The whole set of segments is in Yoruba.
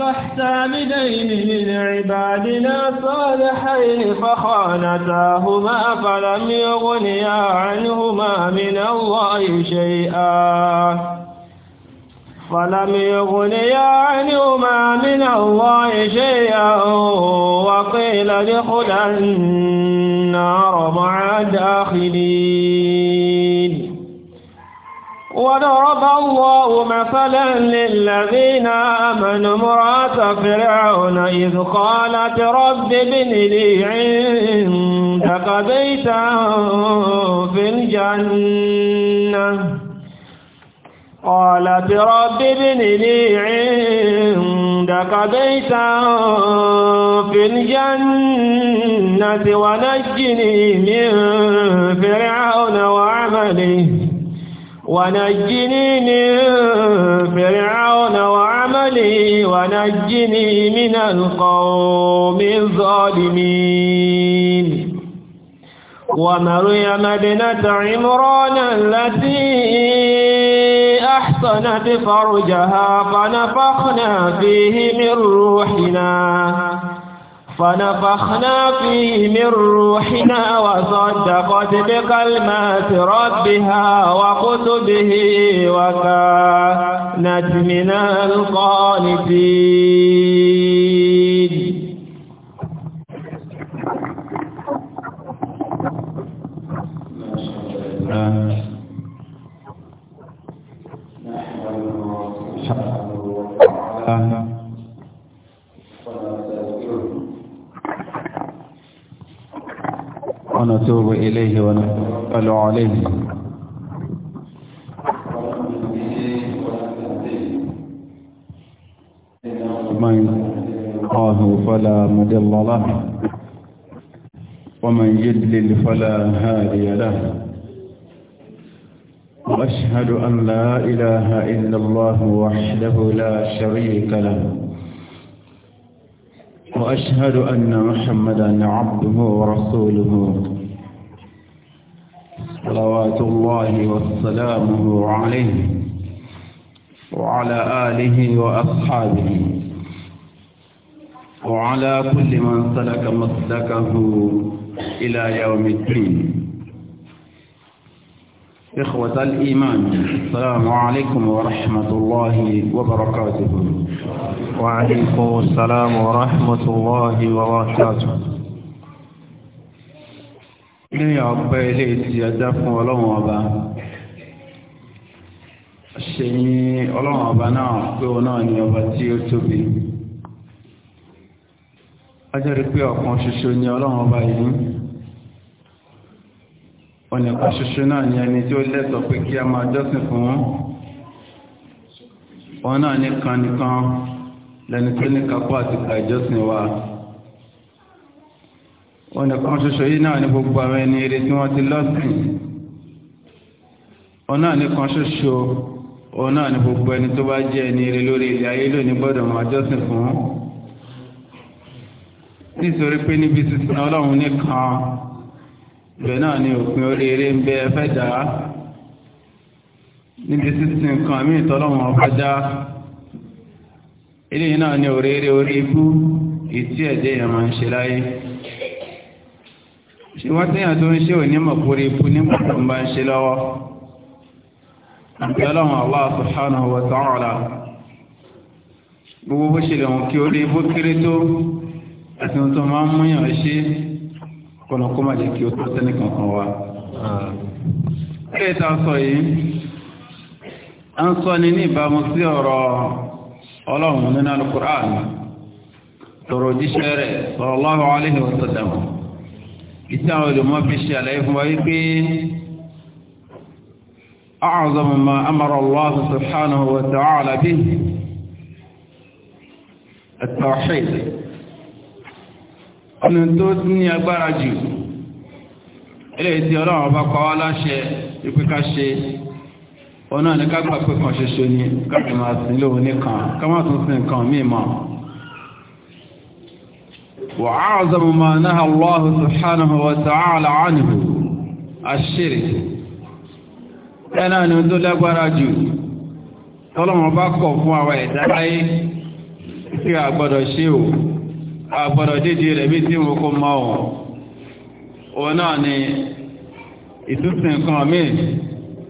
أصبحت من عبادنا صالحين فخانتاهما فلم يغنيا عنهما من الله شيئا فلم يغنيا عنهما من الله شيئا وقيل ادخلا النار مع الداخلين وضرب الله مثلا للذين آمنوا امرأة فرعون إذ قالت رب ابن لي عندك بيتا في الجنة قالت رب ابن لي عندك بيتا في الجنة ونجني من فرعون وعمله ونجني من فرعون وعمله ونجني من القوم الظالمين ومريم ابنة عمران التي أحصنت فرجها فنفخنا فيه من روحنا فنفخنا فيه من روحنا وصدقت بكلمات ربها وكتبه وكانت من القانتين نحمده ونتوب إليه ونقبل عليه من يلقاه فلا مضل له ومن يدلل فلا هادي له وأشهد أن لا إله إلا الله وحده لا شريك له وأشهد أن محمدا عبده ورسوله صلوات الله وسلامه عليه وعلى آله وأصحابه وعلى كل من سلك مسلكه إلى يوم الدين إخوة الإيمان السلام عليكم ورحمة الله وبركاته وعليكم السلام ورحمة الله وبركاته ní ọgbẹ́ ilé tí a dá fún ọlọ́run ọba ṣe ní ọlọ́run ọba náà pé òun náà ni ọba tí ó tóbi a jẹ́rìí pé ọ̀kan ṣoṣo ni ọlọ́run ọba yìí ọ̀nìkan ṣoṣo náà ni ẹni tí ó lẹ́tọ̀ọ́ pé kí a máa jọ́sìn fún wọn wọn náà nìkan nìkan lẹni tó ní kápá àti gbà ìjọsìn wa ọ̀nìkan ṣoṣo yìí náà ni gbogbo àwọn ẹni eré tí wọ́n ti lọ́sìn wọn náà nìkan ṣoṣo wọn náà ni gbogbo ẹni tó bá jẹ́ ẹni eré lórí ilé ayé lónìí gbọ́dọ̀ máa jọ́sìn fún nítorí pé níbi sísun ọlọ́run nìkan bẹ́ẹ̀ náà ni òpin oríire ń bẹ ẹfẹ́ dá níbi sísìn kan mí ìtọ́lọ́wọ́n ọba dá eléyìí náà ni oríire orí ikú ìtí ẹ̀jẹ̀ yẹn máa ń ṣe láyé ṣe wọ́n tẹ́yàn tó ń ṣe onímọ̀ kúrò ikú nígbà tó ń bá ń ṣe lọ́wọ́ àbẹ́lọ́wọ́n Allah subhanahu wa ta'ala gbogbo bó ṣe lè wọn kí orí ibó kéré tó àti ohun tó máa ń múyàn ṣe kọ́nà kó má jẹ́ kí ó tó sẹ́ni kankan wa. Kílẹ̀ tá a sọ yìí, a ń sọ ni ní ìbámu sí ọ̀rọ̀ ọlọ́run nínú Al-Qur'an jíṣẹ́ rẹ̀ sallallahu alaihi wa sallam. Ìtí àwọn olùmọ́ fi ṣe àlàyé fún wa wípé أعظم ما أمر الله سبحانه وتعالى به التوحيد ọ̀nà tó ní agbára jù eléyìí ọlọ́run ọba pa wá láṣẹ ìpín ká ṣe ọ̀nà ní ká gbà pé kan ṣoṣo ni ká máa sin lóhun nìkan ká má tún sin nǹkan míì mọ́ وأعظم ما نهى الله سبحانه وتعالى عنه الشرك ẹ̀nà ni tó lágbára jù kọ̀ fún àwọn ẹ̀dá láyé tí a gbọ́dọ̀ ṣe àgbọ̀dọ̀ dédé rẹ̀ bí tí mo kó mọ́ ohun òun náà ni ìtúsìn kan mí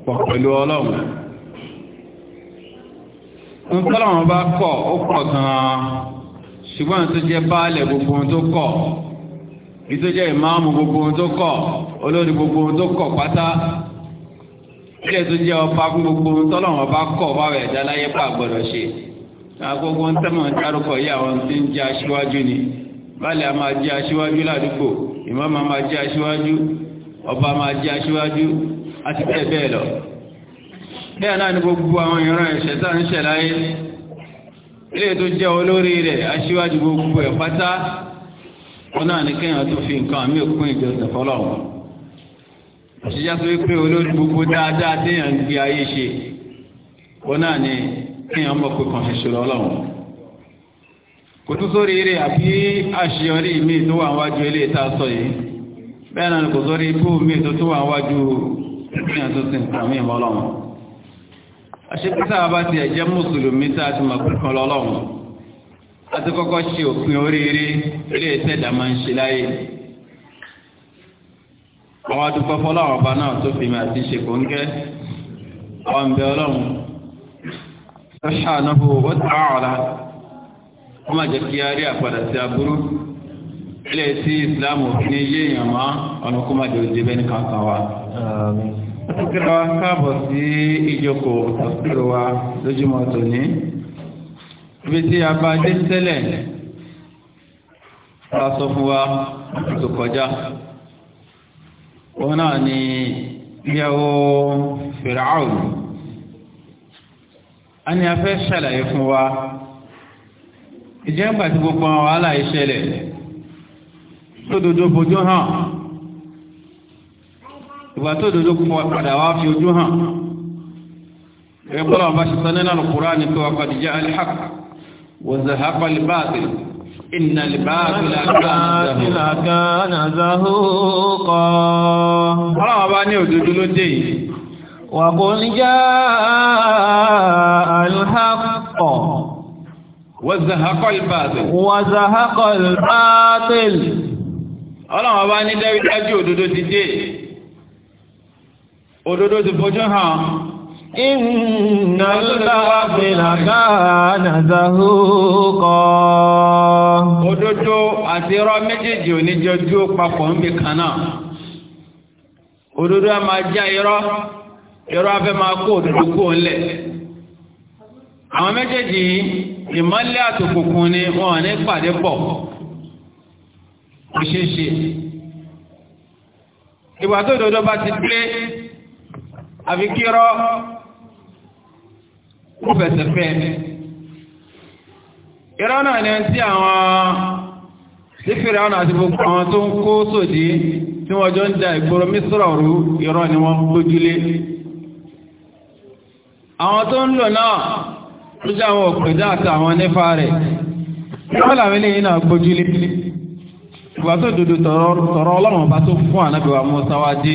pọ̀ pẹ̀lú ọlọ́run ń tọ́lọ́run bá kọ̀ ó pọ̀ gan-an ṣùgbọ́n tó jẹ́ baálẹ̀ gbogbo ohun tó kọ̀ ìtó jẹ́ ìmáàmù gbogbo ohun tó kọ̀ olórí gbogbo ohun tó kọ̀ pátá ilé tó jẹ́ ọba gbogbo ohun tọ́lọ́run bá kọ̀ wá rẹ̀ dá láyé pa ṣe agogo ń tẹ́mọ̀ ń dárúkọ yí àwọn tí ń jẹ́ aṣíwájú ni báàlẹ̀ a máa jẹ́ aṣíwájú ládùúgbò ìmáàmù máa jẹ́ aṣíwájú ọba máa jẹ́ aṣíwájú àti bẹ́ẹ̀ bẹ́ẹ̀ lọ bẹ́ẹ̀ náà ni gbogbo àwọn ìran ẹ̀ṣẹ̀ tá ń ṣẹ̀ láyé ilé tó jẹ́ olórí rẹ̀ aṣíwájú gbogbo ẹ̀ pátá wọn náà ní kéèyàn tó fi nǹkan àmì òpin ìjọsìn fọlọ́run òṣìṣẹ́ tó wípé olórí gbogbo dáadáa téèyàn ń gbé ayé ṣe wọn náà ni kí wọn mọ̀ pé kàn ṣoṣo lọ́lọ́run kò tún sórí eré àbí àṣeyọrí míì tó wà níwájú ilé ìta sọ yìí bẹ́ẹ̀ náà kò sórí ibú míì tó tún wà níwájú ní àtúntì àmì ìmọ̀lọ́run àṣepítà bá tiẹ̀ jẹ́ mùsùlùmí tá a ti mọ̀ pé kàn lọ́lọ́run a ti kọ́kọ́ ṣe òpin oríire ilé ìtẹ̀dá máa ń ṣe láyé àwọn adúpọ̀ fọlọ́run ọba náà tó fi mi àti ṣe ń gẹ́ ọ̀ subhanahu wa ta'ala wọ́n máa jẹ́ kí a rí àpadà sí aburú ilé tí islam ní yé èèyàn má ọ̀nà kó máa jẹ́ òjì bẹ́ẹ̀ ní kankan wa. kíra wa káàbọ̀ sí ìjókòó tọ́sírò wa lójúmọ́ tòní ibi tí a bá dé tẹ́lẹ̀ a sọ fún wa tó kọjá òun náà ni ìyàwó fìràwọ̀ a ní a fẹ́ ṣàlàyé fún wa ìjẹ́ ń gbàtí gbogbo àwọn wàhálà ìṣẹ̀lẹ̀ tódodo fojú hàn ìgbà tódodo padà wá fi ojú hàn ìgbọ́lọ̀ bá ṣe sọ nínú Al-Qur'ani pé wa qad ja'a al-haqq wa zahaqa al-batil inna al-batila kana zahuqa. ọlọ́wọ́ bá ní òdodo ló dé yìí. وقل جاء الحق وزهق الباطل وزهق الباطل ọlọ́run ọba ní dájú òdodo ti dé òdodo ti fojú hàn innal báfílà kana zahuqa òdodo àti irọ́ méjèèjì ò ní irọ́ afẹ́ máa kó òdodo kó ńlẹ̀ àwọn méjèèjì ìmọ́lẹ̀ àtòkùnkùn ni wọ́n ní pàdé pọ̀ kò ṣeé ṣe ìwà tó bá ti pé àfi kí irọ́ kó fẹsẹ̀ fẹ́ irọ́ náà ni ti àwọn sífìrì àwọn àti gbogbo àwọn tó ń kó sòdí tí wọ́n jọ ń da ìgboro ni wọ́n gbójúlé. àwọn tó ń lò náà ló jẹ́ àwọn àti àwọn nífà rẹ̀ wọ́n làwọn eléyìí náà gbójú lé tó dodo tọ̀rọ ọlọ́run bá tó fún ànábìwá Musa wá dé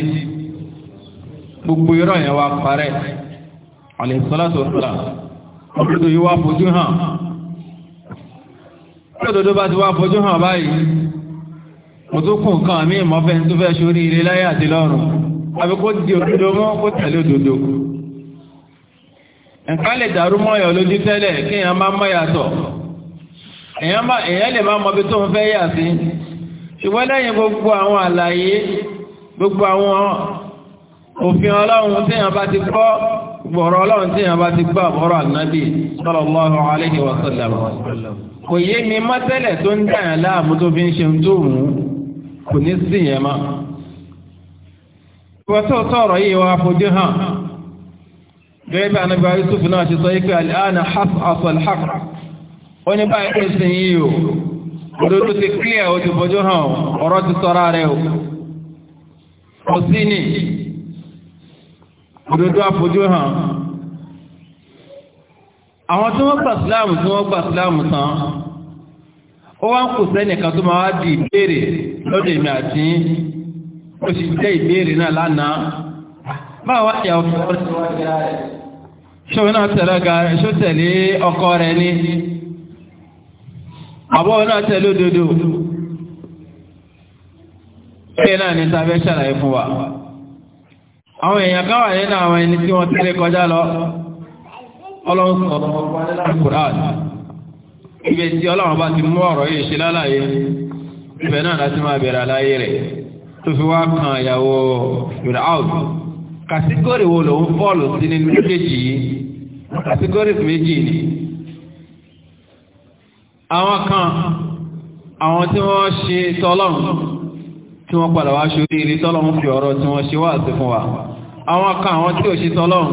gbogbo irọ́ yẹn wá parẹ́ yìí wá fojú hàn bá ti wá fojú hàn báyìí mo tó kún nǹkan mi ìmọ̀fẹ́ tó fẹ́ sórí ilé láyé di nǹkan lè dàrú mọ́yọ̀ lójú tẹ́lẹ̀ kí èèyàn máa mọ́ yàtọ̀ èèyàn lè máa mọbi tó ń fẹ́ yà sí ṣùgbọ́n lẹ́yìn gbogbo àwọn àlàyé gbogbo àwọn òfin ọlọ́run tí èèyàn bá ti gbọ́ gbọ̀rọ̀ ọlọ́run tí èèyàn bá ti gbọ́ àbọ̀rọ̀ ànábì sallallahu alaihi wa gẹ́gẹ́ bí anábíwá yusuf náà ṣe sọ yí pé àlìáàna asọ̀lhàk ó ní báyìí pé sin yìí o òdodo ti ti bọ́jú hàn ọ̀rọ̀ ti rẹ̀ o kò sí ni òdodo àfojú hàn àwọn tí wọ́n gbà síláàmù tí wọ́n gbà síláàmù tán ó wá ń kù sẹ́nìkan tó máa wá di ìbéèrè lọ́dọ̀ àti ó sì jẹ́ ìbéèrè báwo wá ìyàwó fi ọ̀rọ̀ sí wá ìyá rẹ̀ ṣé náà tẹ̀lé ọ̀gá rẹ̀ tẹ̀lé ọkọ rẹ̀ ni àbọ̀ náà tẹ̀lé òdodo náà ní sábẹ́ ṣàlàyé fún wa àwọn èèyàn kan wà nínú àwọn ẹni tí wọ́n tẹ̀lé kọjá lọ ọlọ́run sọ̀rọ̀ ọ̀rọ̀ ibi tí ọlọ́run bá ti mú ọ̀rọ̀ yìí ṣe lálàyé ibẹ̀ náà láti máa bẹ̀rẹ̀ rẹ̀ tó fi wá kan ìyàwó kàtígórì wo lòun fọ́ọ̀lù sí ní méjèèjì yìí kàtígórì méjì ni àwọn kan àwọn tí wọ́n ṣe tọ́lọ́run tí wọ́n padà wá ṣorí ilé tọ́lọ́run fi ọ̀rọ̀ tí wọ́n ṣe wá sí fún wa àwọn kan àwọn tí ò ṣe tọ́lọ́run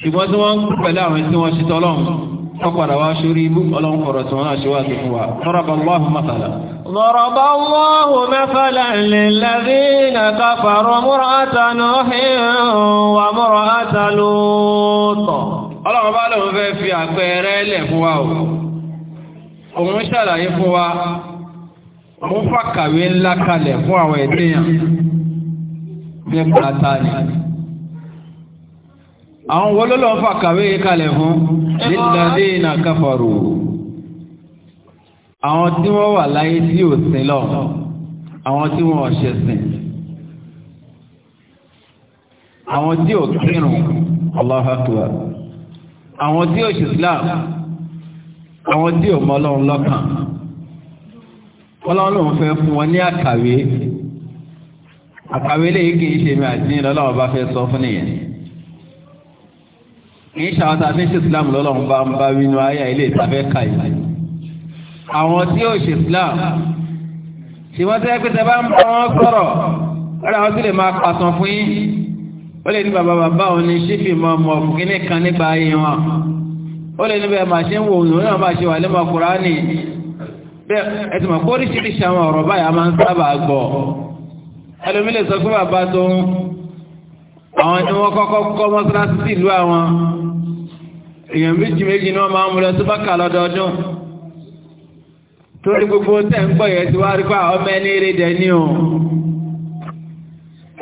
ṣùgbọ́n tí wọ́n ń pẹ̀lú àwọn tí wọ́n ṣe tọ́lọ́run wọ́n padà wá ṣorí ibú ọlọ́run kọ̀rọ̀ tí wọ́n náà ṣe wá sí fún wa tọ́rọ̀ bá lọ́hùn mọ́tàlá ضرب الله مثلا للذين كفروا امرأة نوح وامرأة لوط ọlọ́run bá lóun fẹ́ fi àpẹẹrẹ ẹlẹ̀ fún wa o òun ṣàlàyé fún wa òun fàkàwé ńlá kalẹ̀ fún àwọn ènìyàn nípa tani àwọn wo ló lọ́n fàkàwé kalẹ̀ fún lílàdé ìnà káfàrò àwọn tí wọ́n wà láyé tí ò sin lọ àwọn tí wọ́n ọ̀ṣẹ̀ sìn àwọn tí ò kírun Allahu Akbar àwọn tí ò ṣe Islam àwọn tí ò mọ Ọlọ́run lọ́kàn Ọlọ́run fẹ́ fún wọn ní àkàwé àkàwé léyìí kì í ṣe mi àti ní lọ́lọ́run bá fẹ́ sọ fún nìyẹn kì í ṣe àwọn tá a bá ń bá wínú ayé ilé ìtafẹ́ kàyé àwọn tí yóò ṣe Islam tí wọ́n tẹ́ pé tẹ́ bá ń bá wọn sọ̀rọ̀ ọ̀rẹ́ àwọn tí lè máa pàtàn fún yín ó lè ní bàbá bàbá òun ní ṣífì mọ́ mọ́ kíní kan nípa ayé wọn ó lè ní bẹ́ẹ̀ máa ṣe ń wo òun náà máa ṣe wà lẹ́mọ̀ Kùránì bẹ́ẹ̀ ẹ̀tùmọ̀ kó oríṣiríṣi àwọn ọ̀rọ̀ báyà máa ń sábà gbọ́ ẹlòmí lè sọ pé bàbá tó ń àwọn ni wọ́n kọ́kọ́ kọ́ mọ́sálásí ìlú àwọn èèyàn méjì méjì ni wọ́n máa ń mú lọ sí bákà lọ́dọọdún torí gbogbo tẹ́ ń gbọ́ yẹn ti wá rí pa ọmọ ẹni dẹ ní o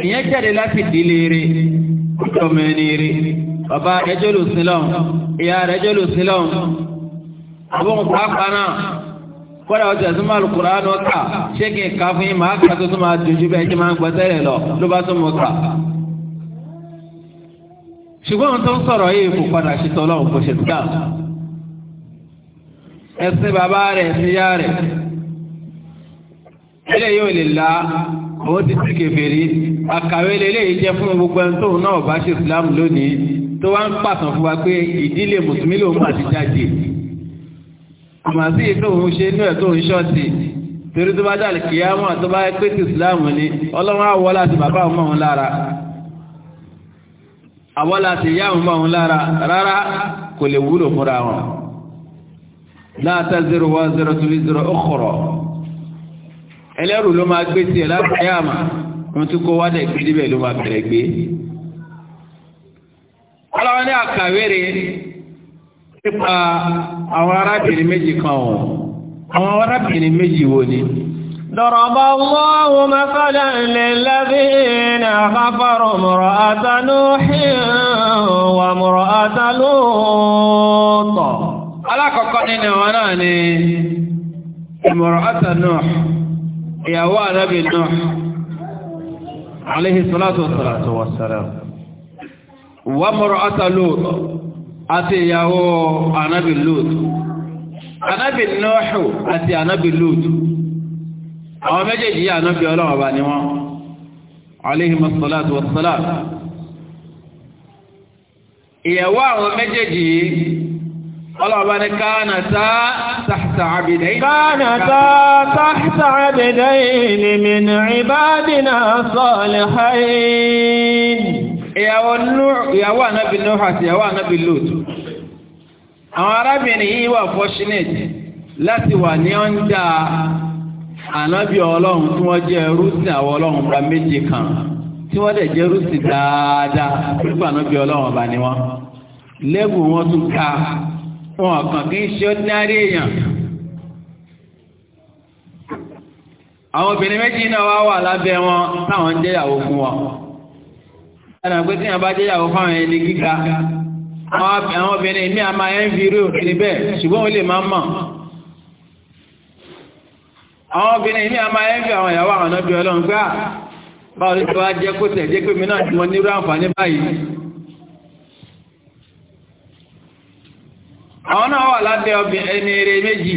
ìyẹn jáde láti dìlé eré ọmọ ẹni eré bàbá ẹjọ́ lò sí lọ́n ìyá rẹ̀ ẹjọ́ sí lọ́n pàápàá kà fún yín kà tó máa dojú ṣe máa ń gbọ́sẹ̀rẹ̀ lọ ló bá mọ̀ ṣùgbọ́n tó ń sọ̀rọ̀ yìí kò padà ẹ̀sìn bàbá rẹ̀ níyà rẹ̀ ilé yóò lè la àwọn ti ti kèfèrí àkàwé lélẹ́yìí jẹ́ fún gbogbo ẹni tóun náà bá ṣe Islam lónìí tó wá ń pàtàn fún wa pé ìdílé mùsùlùmí lòun máa ti jáde àmọ́ sí tóun ṣe inú ẹ̀ tóun ṣọ́ọ̀tì torí tó bá dàlí kìyàmọ́ tó bá pé ti Islam ni ọlọ́run àwọ̀ láti bàbá ọmọ òun lára àwọ̀ láti ìyá òun mọ́ òun lára rárá kò lè wúlò fúnra wọn láta zero one zero two zero ọkọ̀rọ̀ ẹlẹ́rù ló máa gbé tiẹ̀ láti àmà wọn tún kó wádẹ̀ gbé níbẹ̀ ló máa bẹ̀rẹ̀ gbé. ọlọ́wọ́n ní àkàwérè nípa àwọn arábìnrin méjì kan ọ̀hún àwọn arábìnrin méjì wo ni. ضرب الله مثلا للذين كفروا امرأة نوح وامرأة لوط Àkọ́kọ́ nínú wọn náà ni imra'ata Nuh, ìyàwó Ànábì Nuh, alayhi salatu wassalatu wassalam. Wa imra'ata Lut, àti ìyàwó Ànábì Lut. Ànábì Nuh àti Ànábì Lut. Àwọn méjèèjì yà Ànábì Ọlọ́run ọba ni wọ́n, alayhi ọlọ́ọ̀bá ní káànà tá tàhtà àbìdẹ́yìn káànà tá tàhtà àbìdẹ́yìn min ibadina salihayn ìyàwó ànábì Nuh àti ìyàwó ànábì Lut àwọn arábìnrin yìí wà fortunate láti wà ní ọ́njà ànábì ọlọ́run tí wọ́n jẹ́ rúsìn àwọn ọlọ́run bá méje kan tí wọ́n dẹ̀ jẹ́ rúsìn dáadáa pípa ọlọ́run bá ní wọn lẹ́bùn wọn tún ká wọn kàn kí ń ṣe ordinary èèyàn àwọn obìnrin méjì náà wá wà lábẹ́ wọn táwọn ń jẹ́yàwó fún wọn ẹnà pé tí wọn bá jẹ́yàwó fáwọn ẹni gíga àwọn obìnrin mi àmà ẹ̀ ń fi irú òkèrè bẹ́ẹ̀ ṣùgbọ́n ó lè máa mọ̀ àwọn obìnrin mi àmà ẹ̀ àwọn ìyàwó àwọn ọ̀nà bí ọlọ́run gbá ah, báwo ló ti wá jẹ́ kó tẹ̀ jẹ́ pé mi náà ti mọ nírú àǹfààní báyìí àwọn náà wà ẹni eré méjì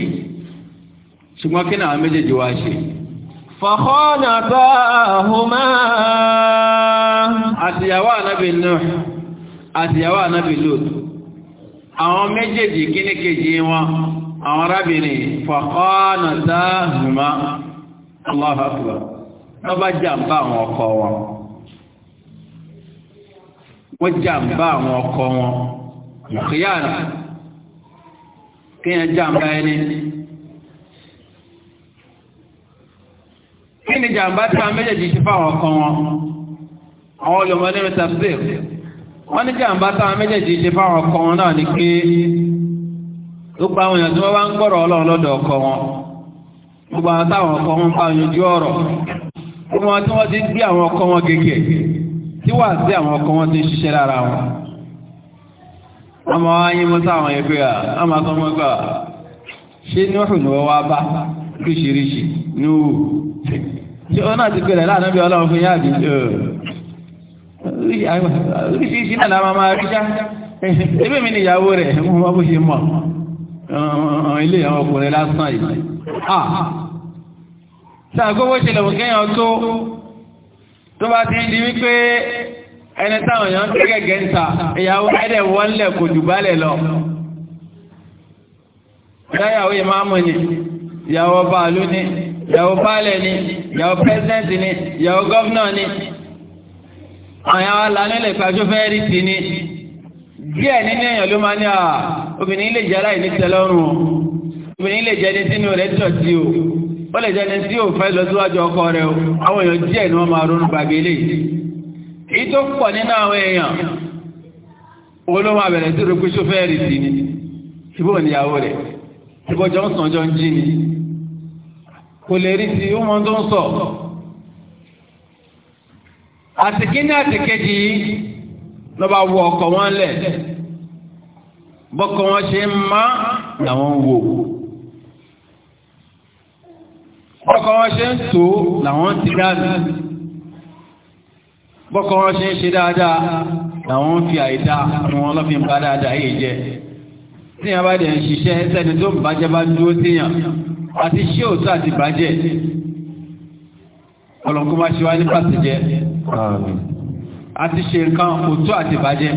ṣùgbọ́n kí náà méjèèjì wá ṣe. fàkọ́nà bá ahùnmá. àtìyàwó ànábì Nuh àtìyàwó ànábì Lut àwọn méjèèjì kíní kejì wọn àwọn arábìnrin wọ́n bá àwọn ọkọ wọn wọ́n àwọn ọkọ wọn kéèyàn jàǹbá ẹni kí ni jàǹbá tí a méjèèjì ti fáwọn ọkọ wọn àwọn olùmọ̀ nínú tafsir wọ́n ní jàǹbá tí a méjèèjì ti fáwọn ọkàn wọn náà ni pé gbogbo àwọn èèyàn tí wọ́n bá ń gbọrọ ọlọ́run lọ́dọ̀ ọkọ wọn gbogbo àwọn táwọn ọkọ wọn bá yanjú gbogbo àwọn tí ti gbé àwọn ọkọ wọn ọmọ ayé mọ́ sáwọn ẹgbẹ́ à ọmọ sọmọ ẹgbẹ́ à ṣé ní ọ̀sùn ni wọ́n wá bá ríṣiríṣi ní òwò ṣé wọn náà ti pẹ̀lẹ̀ láàánú bí ọlọ́run fún yáàbí ríṣiríṣi náà máa máa ríṣá ebí mi ni ìyàwó rẹ̀ mo máa bó ṣe mọ̀ ilé àwọn ọkùnrin lásán yìí ṣàgbọ́wọ́ ṣẹlẹ̀ òkèèyàn tó tó bá ti ń di wípé ẹni táwọn èèyàn ń tẹ́gẹ̀ gẹ́ǹta ìyàwó ẹ̀dẹ̀ wọ́n lẹ̀ kò jù bálẹ̀ lọ. dáyàwó ìmáàmù ni ìyàwó bàálù ni ìyàwó bàálẹ̀ ni ìyàwó pẹ́sidẹ́ǹtì ni ìyàwó gọ́fúnà ni. àwọn alánilẹ̀ ìpàjọ́ fẹ́ rí ti ni. díẹ̀ nínú èèyàn ló máa ní à obìnrin lè jẹ́ aláìní tẹ́lọ́rùn o obìnrin lè jẹ́ ní sínú rẹ̀ dọ̀tí o ó lè jẹ́ ní sí òfẹ́ lọ síwájú ọkọ rẹ̀ o àwọn èèyàn díẹ̀ ni wọ́n máa ronú gbàgbé èyí tó pọ̀ nínú àwọn èèyàn olówó abẹ̀rẹ̀ tí rẹ̀ pé ṣófẹ́ẹ̀rì sí ni síbò níyàwó rẹ̀ síbò jọ ń sàn jọ ń jí ni kò lè rí sí ọmọ tó ń sọ àtìkí ní àtìkéjì lọ́ba wọ ọkọ̀ wọn lẹ̀ bọ́kọ̀ wọn ṣe ń má làwọn ń wò bọ́kọ̀ wọn ṣe ń tó làwọn ti dáàbì bọ́kọ̀ wọn ṣe ń ṣe dáadáa làwọn ń fi àìdá fún wọn lọ́fi ń bá dáadáa yìí jẹ tíyàn bá dẹ̀ ń ṣiṣẹ́ sẹ́ni tó bàjẹ́ bá dúró tíyàn àti ṣé òtún àti bàjẹ́ ọlọ́nkó máa ṣe wá ní pàtẹ́jẹ́ àti ṣe nǹkan òtún àti bàjẹ́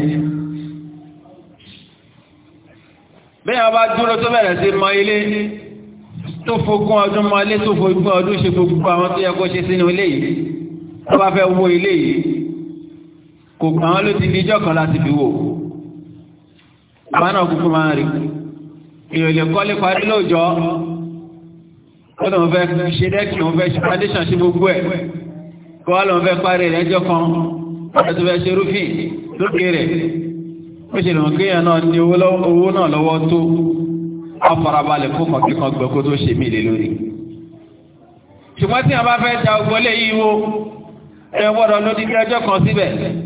bẹ́yàn bá dúró tó bẹ̀rẹ̀ sí mọ ilé tó fogún ọdún mọ ilé tó fogún ọdún ṣe gbogbo àwọn tó yẹ kó ṣe sínú ilé yìí tó bá fẹ́ wó ilé yìí kò àwọn ló ti díjọ́ kan láti fi wò àwọn náà kúkú máa rí ìrìnlẹ̀ kọ́lé parí lóòjọ́ ó lọ́n fẹ́ ṣe dẹ́kì òun fẹ́ ṣe foundation ṣe gbogbo ẹ̀ kọ́ wá lọ́n fẹ́ parí ìrẹ́jọ́ kan ọ̀dọ̀ tó fẹ́ ṣe rúfin lókè rẹ̀ ó ṣe lọ́n kéèyàn náà ní owó náà lọ́wọ́ tó afarabalẹ̀ fún kọ̀kíkan gbẹ kó tó ṣe mí lé lórí ṣùgbọ́n tí a bá fẹ́ ja ògbọ́lé yìí wo ẹ gbọ́dọ̀ lódìdí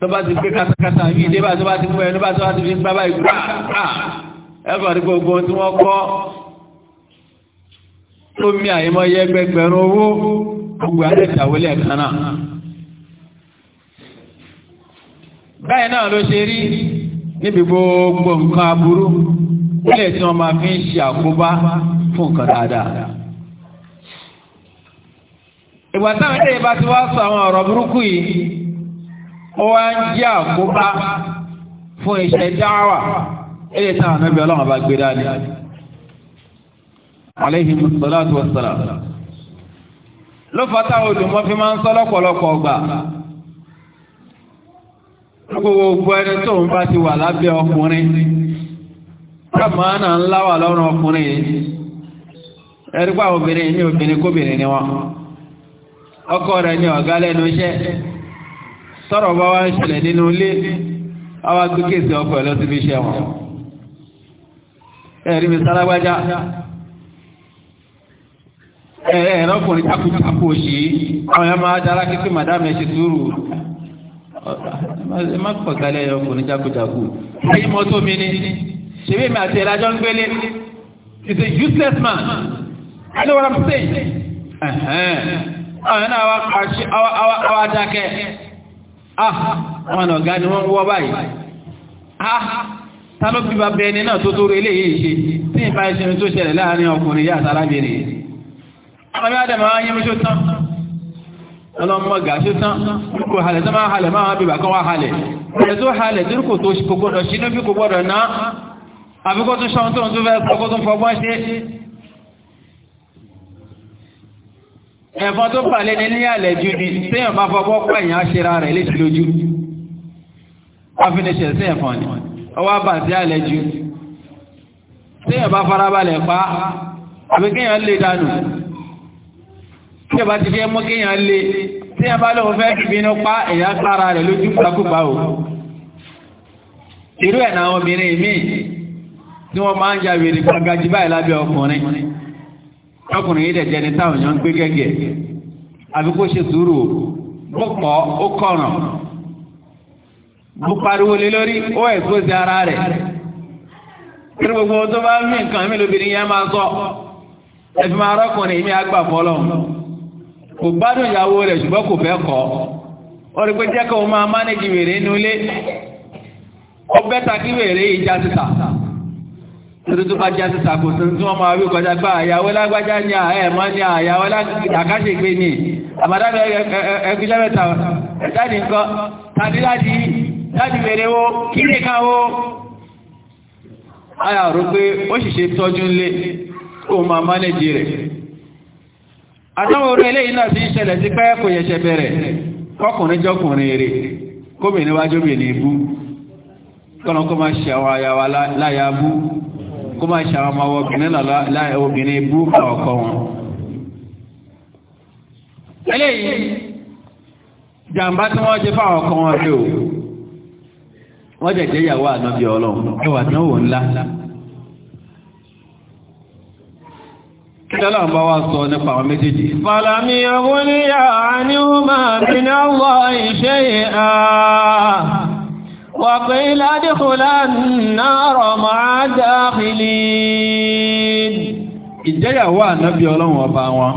tó bá ti gbé katakata yìí dé bá tó bá ti mú ẹnu bá tó bá ti fi ń bábá ìgbà ẹ̀kọ́ ní gbogbo tí wọ́n kọ́ tó mi àyímọ́ yẹ gbẹgbẹ̀rún owó gbogbo àdẹ́sàwọlé ẹ̀kan náà báyìí náà ló ṣe rí níbi gbogbo nǹkan aburú ó lè tí wọ́n máa fi ń ṣe àkóbá fún nǹkan dáadáa ìgbà táwọn ẹ̀dẹ́ ìbá ti wá sọ àwọn ọ̀rọ̀ burúkú yìí ó wá ń àkóbá fún iṣẹ́ dáwà èyí tí àwọn ẹbí ọlọ́run bá gbé dání. aleyhi ló fata fi máa ń sọ lọ́pọ̀lọpọ̀ gbà gbogbo ẹni tó ń bá ti wà lábẹ́ ọkùnrin kàmánà ńlá wà lọ́rùn ọkùnrin yìí ẹ̀rí pàwọn obìnrin ní obìnrin kóbìnrin ni wọn ọkọ tọ́rọ̀ bá wá ń ṣẹlẹ̀ nínú ilé àwa gbé kéèsì ọkọ̀ lọ síbi iṣẹ́ wọn ẹ̀rí mi sálágbájá ẹ̀rọ̀kùnrin takuntakun òṣì àwọn ẹ̀ma dára kíkí màdámẹ̀ ṣe sùúrù ẹ má pọ̀ kálẹ̀ ọkùnrin takuntakun ẹ̀yìn mọ́tò mi ni ṣèbí mi àti ẹ̀rájọ́ ń gbélé is a useless man I know what I'm saying. àwọn ẹ̀ná àwa dákẹ́ ah wọn ọ̀gá ni wọ́n wọ́ báyìí ah tálọ́ bí bá bẹ́ẹ̀ ni náà tó tó rẹ̀ léyìí ṣe tí ìfà ìṣẹ́ni tó ṣẹlẹ̀ láàrin ọkùnrin yà sárábìnrin ọmọ adẹ́mọ̀ wá yẹ́mú ṣótán ọlọ́mọgà ṣótán kò halẹ̀ tó máa halẹ̀ máa bíbà kan wá halẹ̀ ọ̀rẹ́ tó halẹ̀ tó kò tó kò gbọ́dọ̀ ṣínú bí kò gbọ́dọ̀ náà àbíkọ́ tó ẹ̀fọn tó pàlẹ́ ní ní àlẹ́jú ni téèyàn bá fọwọ́ pọ̀ èèyàn ṣera rẹ̀ létí lójú afinishẹ̀ sí ẹ̀fọn ni ọwọ́ bá sí àlẹ́jú téèyàn bá farabalẹ̀ pa àbí kéèyàn lè dànù tí ẹ̀bá ti fẹ́ mú kéèyàn lè tí ẹ̀bá lóun fẹ́ bínú pa èèyàn sára rẹ̀ lójú pàkúpà o irú ẹ̀ náà obìnrin míì tí wọ́n máa ń jà wèrè gbàgàjì báyìí lábẹ́ ọkùnrin ọkùnrin yìí dẹ̀jẹ̀ ní táwọn èèyàn ń gbé gẹ́gẹ́ àbí kó ṣe sùúrù bọ́pọ̀ ó kọ̀ràn bó pariwo lé lórí ó ẹ̀kọ́ sí ara rẹ̀ kí gbogbo tó bá mí nǹkan mi lóbìnrin yẹn máa sọ ẹ̀fí máa rọ́kùnrin mi àgbà fọlọ́ kò gbádùn ìyàwó rẹ̀ ṣùgbọ́n kò fẹ́ kọ́ ó rí pé jẹ́ máa mánéjì wèrè nulẹ̀ ó bẹ́ta wèrè yìí já torí tó bá jáde sàkóso tí wọ́n máa wí kọjá gbá àyàwó lágbájá ní àyẹ̀mọ́ ní àyàwó lákàṣègbè ní àbádábẹ̀ ẹgbìlẹ́mẹ̀ta ẹ̀dáni nǹkan tàbí láti láti bẹ̀rẹ̀ wo kí ní ká wo ayà rò pé ó ṣìṣẹ́ tọ́jú nlé kó máa mánéjì rẹ̀ àtàwọn orí eléyìí náà ti ń ṣẹlẹ̀ sí pé kò yẹ̀ṣẹ̀ bẹ̀rẹ̀ kọkùnrin jọkùnrin èrè kómìnirwájú mi ní ibú kọ́nà kó máa ṣe àwọn àyàwó kó máa ṣàwọn ọmọ obìnrin láì obìnrin bú ọkọ wọn. eléyìí jàǹbá tí wọ́n jẹ́ fáwọn ọkọ wọn rí o wọ́n jẹ́ jẹ́ ìyàwó ànábì ọlọ́run ẹwà tán wò ńlá. Ìjọba ń bá wá sọ nípa àwọn méjèèjì. Fàlàmì ọ̀gbọ́n ní àánú máa bí náà wọ ìṣe ìhà. وقيل ادخلا النار مع الداخلين ìjẹ́yàwó ànábì ọlọ́run ọba wọn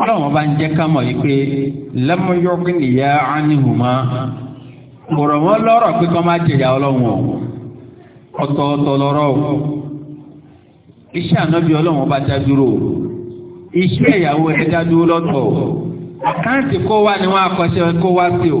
ọlọ́run ọba ń jẹ́ ká mọ̀ yìí pé lẹ́mọ́yọ́gbìn nìyá ánìhùnmá ọ̀rọ̀ wọn lọ́rọ̀ pé kọ́ máa jẹ̀yà ọlọ́run ọ̀ ọ̀tọ̀ọ̀tọ̀ lọ́rọ̀ iṣẹ́ ànábì ọlọ́run ọba dá iṣẹ́ ìyàwó ẹ̀ dá lọ́tọ̀ àkáǹtì kó wá ni wọ́n akọ́ṣẹ́ kó wá sí o.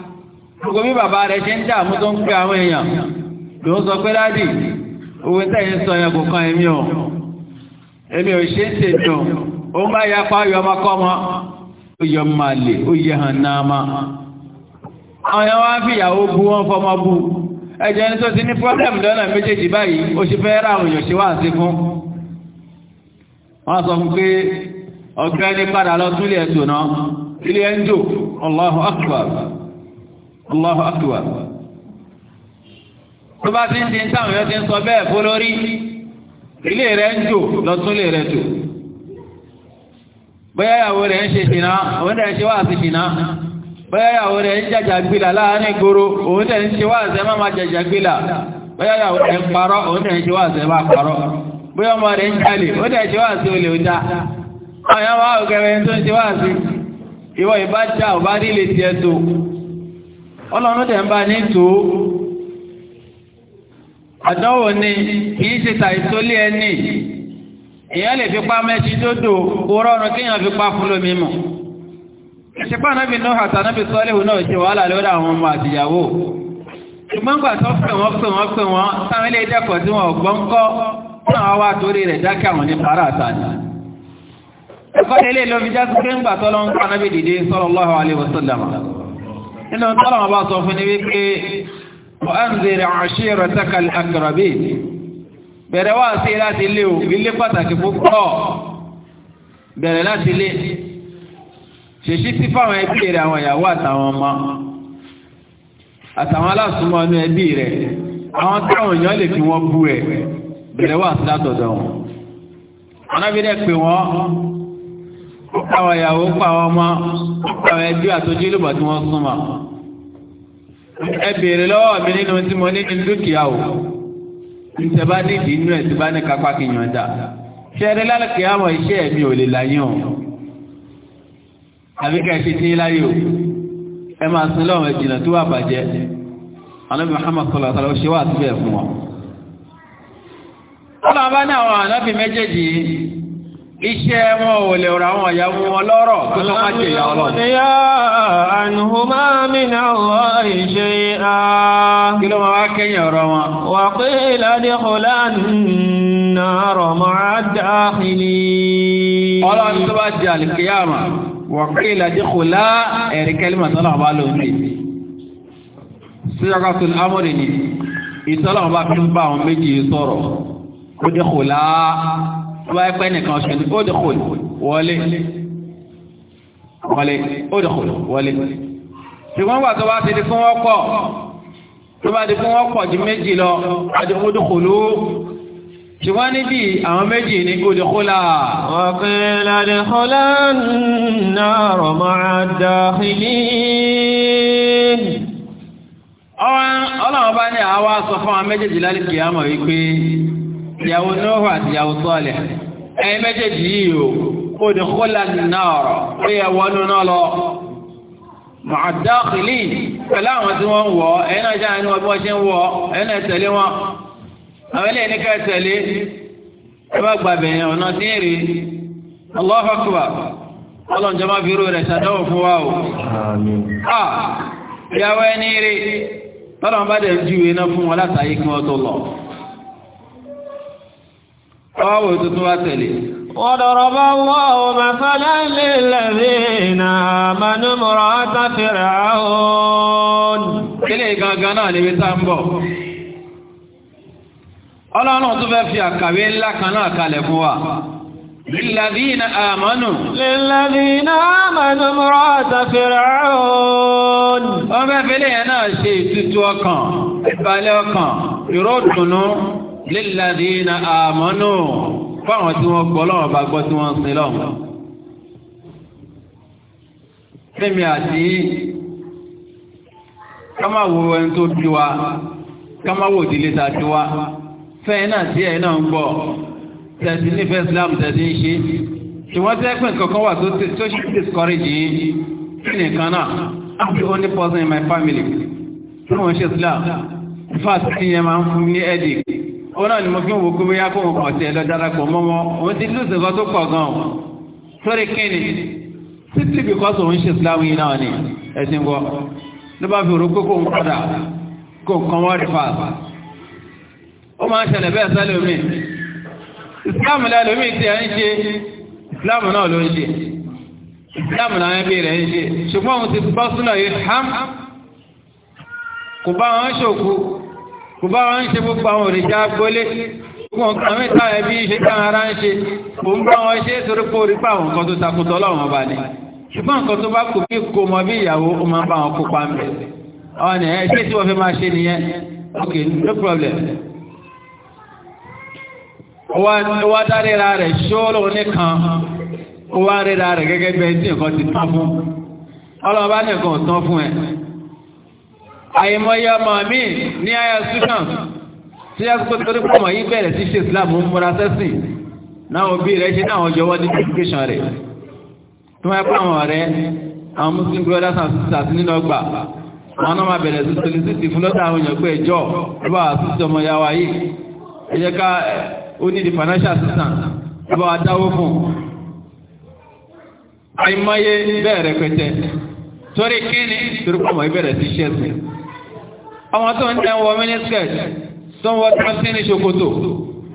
gbogbo bí bàbá rẹ̀ ṣe ń dààmú tó ń pe àwọn èèyàn ló ń sọ pé owó tẹ̀yìn sọ yẹn o èmi ò ṣe ń tètò ó ya pa ayọ̀ ọmọkọ́mọ ó yẹ máa lè ó yẹ hàn náà àwọn yẹn wá bu wọn fọmọ bu ní tó ti ní pọ́blẹ́mù lọ́nà méjèèjì Allahu akbar. Tó bá ti ń ti táwọn èèyàn ti ń sọ bẹ́ẹ̀ fó ilé rẹ̀ ń jò lọ́tún ilé rẹ̀ jò. Bóyá ìyàwó rẹ̀ ń ṣe ṣìnà, òun rẹ̀ ń ṣe wáàsí ìyàwó rẹ̀ ń jàjà gbìlà láàárín ìgboro, òun ń ṣe wáàsí ẹ má máa jàjà gbìlà. Bóyá ìyàwó rẹ̀ ń parọ́, òun ń ṣe wáàsí ẹ parọ́. ọmọ rẹ̀ ń jalè, ṣe wáàsí olè ó Àwọn ìyàwó tó ṣe wáàsí, ìwọ ọlọ́run dị ń bá ní tó àdánwò ni kì í ṣe tàìsólé ẹni èèyàn lè fi pa mẹ́sí dódò kó rọrùn kéèyàn fi pa fún lómi ìṣẹ́pá náàbì náà àtànábì sọ́léhùn náà ṣe wàhálà lórí àwọn ọmọ àtìyàwó ṣùgbọ́n gbà tó pè wọ́n pè wọ́n pè wọ́n táwọn ilé ìdẹ́kọ̀ọ́ tí wọ́n gbọ́n kọ́ náà wá torí rẹ̀ dákẹ́ àwọn ní nínú tọ́lọ̀ wọn bá sọ fún ni wípé wọ́n á ń zèrè àṣírò takal akarabe bẹ̀rẹ̀ wá sí láti ilé o ilé pàtàkì púpọ̀ bẹ̀rẹ̀ láti ilé ṣèṣí sí fáwọn ẹbí rẹ̀ àwọn ìyàwó àtàwọn ọmọ àtàwọn aláṣùmọ̀ ọ̀nà ẹbí rẹ̀ àwọn táwọn èèyàn lè fi wọ́n bú ẹ̀ bẹ̀rẹ̀ wá sí látọ̀dọ̀ wọn. wọn á fi wọ́n àwọn ìyàwó pa àwọn ọmọ àwọn ẹbí àtọ́jú ìlúbọ̀ tí wọ́n súnmọ́ ẹ béèrè lọ́wọ́ mi nínú tí mo ní ní dúkìá o ntẹ bá ní ìdí inú ẹ tí bá ní kápá kí yan dà ṣe ẹni lálùkì àmọ́ iṣẹ́ mi ò lè láyàn àbí ká ẹ fi tí láyò ẹ máa sin lọ́wọ́ ẹ tó wà bàjẹ́ anábì Muhammad sọlá sọlá ó ṣe wà síbẹ̀ fún wọn. ọlọ́run iṣẹ́ wọn ò lè ra àwọn ìyàwó wọn lọ́rọ̀ tó lọ́ máa jẹ ìyá ọlọ́run. ìyá ànúhùmá mi náà wọ ìṣe a. kí ló máa wá kẹ́yìn ọ̀rọ̀ wọn. wà pé ìlàdí kọlá náà rọ̀ máa dáhìlì. ọlọ́run tó bá di àlìkíyàmà wà pé ìlàdí kọlá ẹ̀rí kẹ́límà tó náà bá lò ní. síyọ́ká tó ní amúrin ni ìtọ́lọ́wọ́n bá fi ń bá àwọn méjì sọ̀rọ̀ ó dé kọlá tó bá pẹ́ nìkan ṣe ní odòkòl wọlé wọlé odòkòl wọlé ṣùgbọ́n wà tó bá ti di fún wọn pọ̀ tó bá di fún wọn pọ̀ ju méjì lọ àti odòkòló ṣùgbọ́n níbi àwọn méjì ní odòkòlá. ọ̀kẹ́lá ni kọ́lá náà rọ̀ ọlọ́run bá ní àwa sọ fún wa méjèèjì lálẹ́ kìí àmọ̀ wípé ìyàwó Nuhu àti ìyàwó Salih ẹ̀yin méjèèjì yìí o ó di kólà náà ó yẹ wọnú náà lọ mọ̀dáàkìlì pẹ̀lú àwọn tí wọ́n ń wọ̀ ẹ̀yin náà jáde wọn bí wọ́n ṣe ń wọ̀ ẹ̀yin náà tẹ̀lé wọn àwọn eléyìí ní tẹ̀lé ẹ bá yẹn ọ̀nà fi rú rẹ̀ fún wa o. ìyàwó ẹni rí bá dẹ̀ ju fún wọn látàyè ọwọ́ wo tuntun wá tẹ̀lé. وضرب الله مثلا للذين آمنوا امرأة فرعون kílẹ̀ gangan náà níbi tá ń bọ̀ ọlọ́run tó fẹ́ fi àkàwé ńlá kan náà kalẹ̀ fún wa lílàdínà àmánù lílàdínà àmánù mọ́ràtà fìràún wọ́n fẹ́ fẹ́lẹ̀ náà ṣe ìtútù ọkàn ìbálẹ̀ ọkàn ìró lílàdínà àmọ́nù fáwọn tí wọ́n gbọ́ lọ́wọ́ bá gbọ́ tí wọ́n ń sin lọ́wọ́. Fẹ́mi àti kámá wo ẹni tó bí wa kámá wo ìdílé ta ti wa fẹ́yìn náà tí ẹ̀yin náà ń gbọ́ tẹ̀sí nífẹ̀ẹ́ Islam tẹ̀sí ń ṣe. Ṣùgbọ́n tí ẹ̀pìn kankan wà tó ṣe discourage yìí kí nìkan náà I'm the only person in my family tí wọ́n ṣe Islam. In fact, kí yẹn máa ń fún ní headache ó náà ni mo fi ń wo kó bóyá kó wọn kàn sí ẹ lọ darapọ̀ mọ́mọ́ òun ti lùsùn kan tó pọ̀ gan o sórí kíni títí bìkọ́sì òun ṣe sílámù yìí náà ni ẹ̀sìn wọ ló bá fi òrókó kó ń padà kó nǹkan wọ́n rí fa ó máa ń ṣẹlẹ̀ bẹ́ẹ̀ sẹ́lómi ìsìlámù lẹ́lómi ti ẹ̀ ń ṣe ìsìlámù náà ló ń ṣe ìsìlámù náà ẹbí rẹ̀ ń ṣe ṣùgbọ́n òun ti bọ́ sínú yìí ham kò bá wọn ṣòkú kò bá wọn ń ṣe gbogbo àwọn òrìṣà agbolé fún ọkàn mẹ́ta ẹbí ṣe táwọn ará ń ṣe kò ń bá wọn ṣe é torí pé orí pa àwọn nǹkan tó takùtọ̀ ọlọ́run ọba ni ṣùgbọ́n nǹkan tó bá kù bí kò mọ bí ìyàwó ó máa ń bá wọn kópa ń bẹ̀ àwọn ni ẹ ṣé tí wọ́n fi máa ṣe nìyẹn ok no problem wá dárẹ́ra rẹ̀ ṣóòlò nìkan wá rẹ́ra rẹ̀ gẹ́gẹ́ bẹ́ẹ̀ tí nǹkan ti tán fún ọlọ́run bá nìkan ò tán fún ẹ àìmọye màmí ní àyà sudan tí a gbogbo torí pọ̀ mọ̀ yí bẹ̀rẹ̀ sí ṣe islam ń múra sẹ́sìn náà òbí rẹ̀ ṣe náà jọwọ́ ní education rẹ̀ tí wọ́n àwọn ọ̀rẹ́ àwọn muslim brothers and sisters nínú ọgbà àwọn nọ bẹ̀rẹ̀ sí fún àwọn èèyàn pé ẹjọ́ ọmọ yìí ẹ jẹ́ ká ó ní financial assistance fún àìmọye bẹ́ẹ̀ torí torí bẹ̀rẹ̀ sí ṣẹ́sìn àwọn tó ń tẹ́ wọ mínísítẹ̀t tó ń wọ tó ń sí ní ṣòkòtò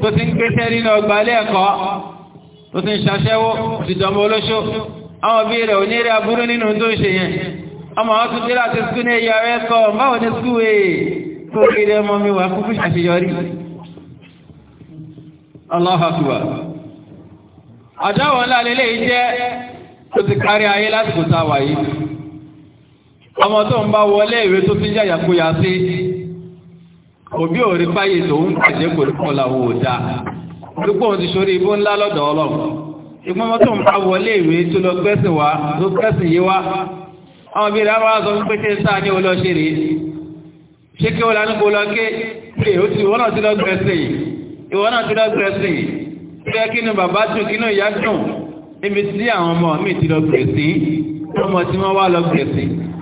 tó ti ń gbé sẹ́rí ní ọgbà ilé ẹ̀kọ́ tó ti ń ṣaṣẹ́wó ìdìjọba olóṣó àwọn òbí rẹ̀ ò ní rí aburú nínú tó ń ṣe yẹn ọmọ àwọn tó dé láti sùkú ní ẹ̀yà rẹ̀ kọ́ báwo ni sùkú e? ti kárí ayé lásìkò táwa yìí ọmọ tó ń bá wọlé ìwé tó fi yàyàkóyà sí òbí ò rí fáyè tó ń pàdé kò lókun làwọn ò dáa gbogbo òun ti sórí ibó ńlá lọ́dọ̀ ọlọ́run ìgbọ́n tó ń bá wọlé ìwé tó lọ gbẹ́sìn wá tó gbẹ́sìn yé wá àwọn obìnrin àwọn àwọn sọ pé sáà ní olóṣè rèé ṣé kí wọ́n lọ níbo lọ ké pé ó ti wọ́n ti lọ gbẹ̀sìn ìwọ́n náà ti lọ gbẹ̀sìn pé kínú bàbá dùn kínú ìyá dùn níbi tí àwọn ọmọ mi ti lọ gbẹ̀sìn ọmọ tí wọ́n wá lọ gbẹ̀sìn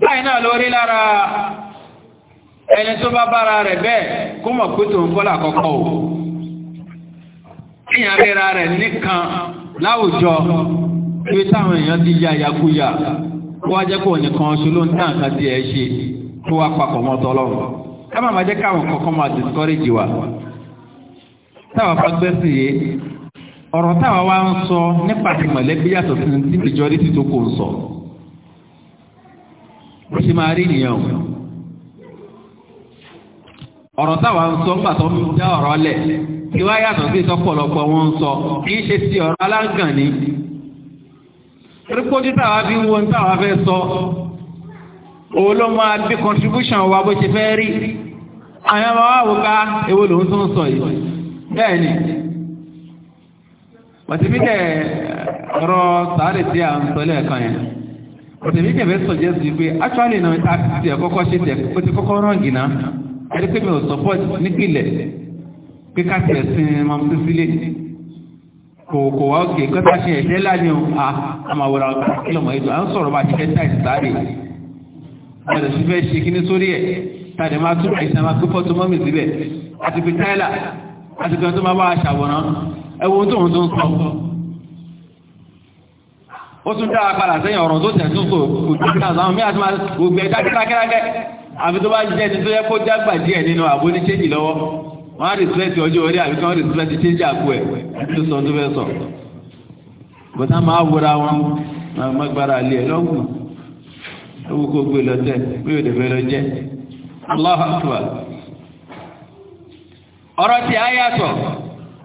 báyìí náà lórí lára ẹni tó bá bára rẹ̀ bẹ́ẹ̀ kó mọ̀ pé tòun kọ́ làkọ́kọ́ o èèyàn ríra rẹ̀ nìkan láwùjọ pé táwọn èèyàn ti ya yakuya kó wá jẹ́ kó nìkan ṣe ló ń tàn kan tí ẹ ṣe kó wá papọ̀ mọ́ tọ́lọ́run ká má má jẹ́ káwọn kọ̀ọ̀kan máa discourage wa táwa bá gbẹ́sìn yé ọ̀rọ̀ táwa wá ń sọ nípa ti yàtọ̀ sí ti majority tó kò ń sọ bó ṣe máa rí nìyẹn o ọ̀rọ̀ táwa ń sọ ńgbà tó ń dá ọ̀rọ̀ lẹ̀ kí wá yàtọ̀ sí ìsọpọ̀lọpọ̀ wọn ń sọ kì í ṣe ti ọ̀rọ̀ aláǹgàn ni rípójú táwa fi ń wo táwa fẹ́ sọ òun ló máa bí contribution wa bó ṣe fẹ́ rí àwọn ọmọ wa wò ká èwo lòun tó ń sọ yìí bẹ́ẹ̀ ni pàtìbí tẹ̀ ọ̀rọ̀ sáré tí a ń sọ lẹ́ẹ̀kan yẹn òtẹ̀mí kẹ̀mẹ́ sọ̀jẹ́ sí pé actually na ti ẹ̀kọ́kọ́ ṣe tẹ̀ ó ti kọ́kọ́ rọ́ǹgì náà ẹni pé mi ò support nípìnlẹ̀ pé ká tiẹ̀ sin mọ́m sísílé kò kò wá òkè kọ́tà ṣe ẹ̀ṣẹ́ láàrin o à àmàwòrán kílọ̀mọ̀ ètò à ń sọ̀rọ̀ bá ṣiṣẹ́ tá ìsáré ẹ̀rọ sí fẹ́ ṣe kíní sórí ẹ̀ tàdé máa tún àìsàn máa gbé fọ́tò mọ́mì síbẹ̀ àti pé táìlà àti pé tó máa bá aṣàwòrán ẹ̀wọ̀n tóun tó ń sọ ó tún dára padà sẹ́yìn ọ̀rọ̀ tó tẹ̀ tó kò kò náà àwọn míràn tó máa gbogbo ẹ̀ka kílákílákẹ́ àfi tó bá jẹ́ ẹni tó yẹ kó dágbà díẹ̀ nínú àbó ní chéjì lọ́wọ́ wọ́n á rìsílẹ̀tì ọjọ́ orí àbí kan rìsílẹ̀tì chéjì àpò ẹ̀ tó sọ tó fẹ́ sọ. bọ́tá máa wúra wọn máa gbára alẹ́ ẹ̀ lọ́gùn owó kó gbé lọ́tẹ̀ bí yóò dẹ̀fẹ́ lọ jẹ́ ọlọ́ọ̀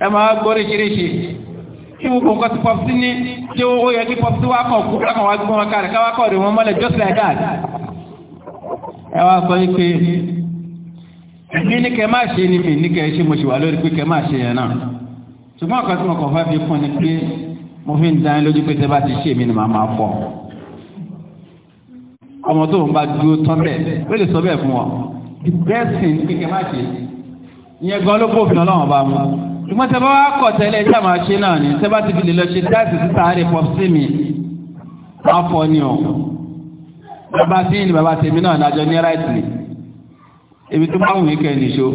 ẹ máa gbóríṣiríṣi kí gbogbo nǹkan ti pọ̀pù sí ní tí ó yẹ kí pọ̀pù sí wá kàn kú lákàn wá gbọ́n wọn kárẹ̀ káwá kọ̀ọ̀rẹ̀ wọn mọ́lẹ̀ just like that ẹ wá sọ pé mi ní kẹ máa ṣe ni mi ní kẹ ṣe mo ṣe wà lórí pé kẹ máa ṣe yẹn náà ṣùgbọ́n ọ̀kan tí mo kàn fẹ́ fi fún ni pé mo fi ń dání lójú pé tẹ́ bá ti ṣe mi ni màá máa fọ́ ọmọ tó ń bá dúró tán bẹ́ẹ̀ ó lè sọ bẹ́ẹ̀ fún ọ the best thing ni kẹ máa ṣe ìyẹn gan ló bófin ọlọ́run bá mu ṣùgbọ́n tẹ bá wá kọ̀ tẹ́lẹ̀ tí a máa ṣe náà ni tẹ́ bá ti fi lè lọ ṣe táàsì síta àárẹ̀ pọ̀pùsì mi afọ ni ọ̀ bàbá tí ní bàbá tèmi náà lájọ ní ráìtì ni ibi tó máa wù mí kẹ́ nìṣó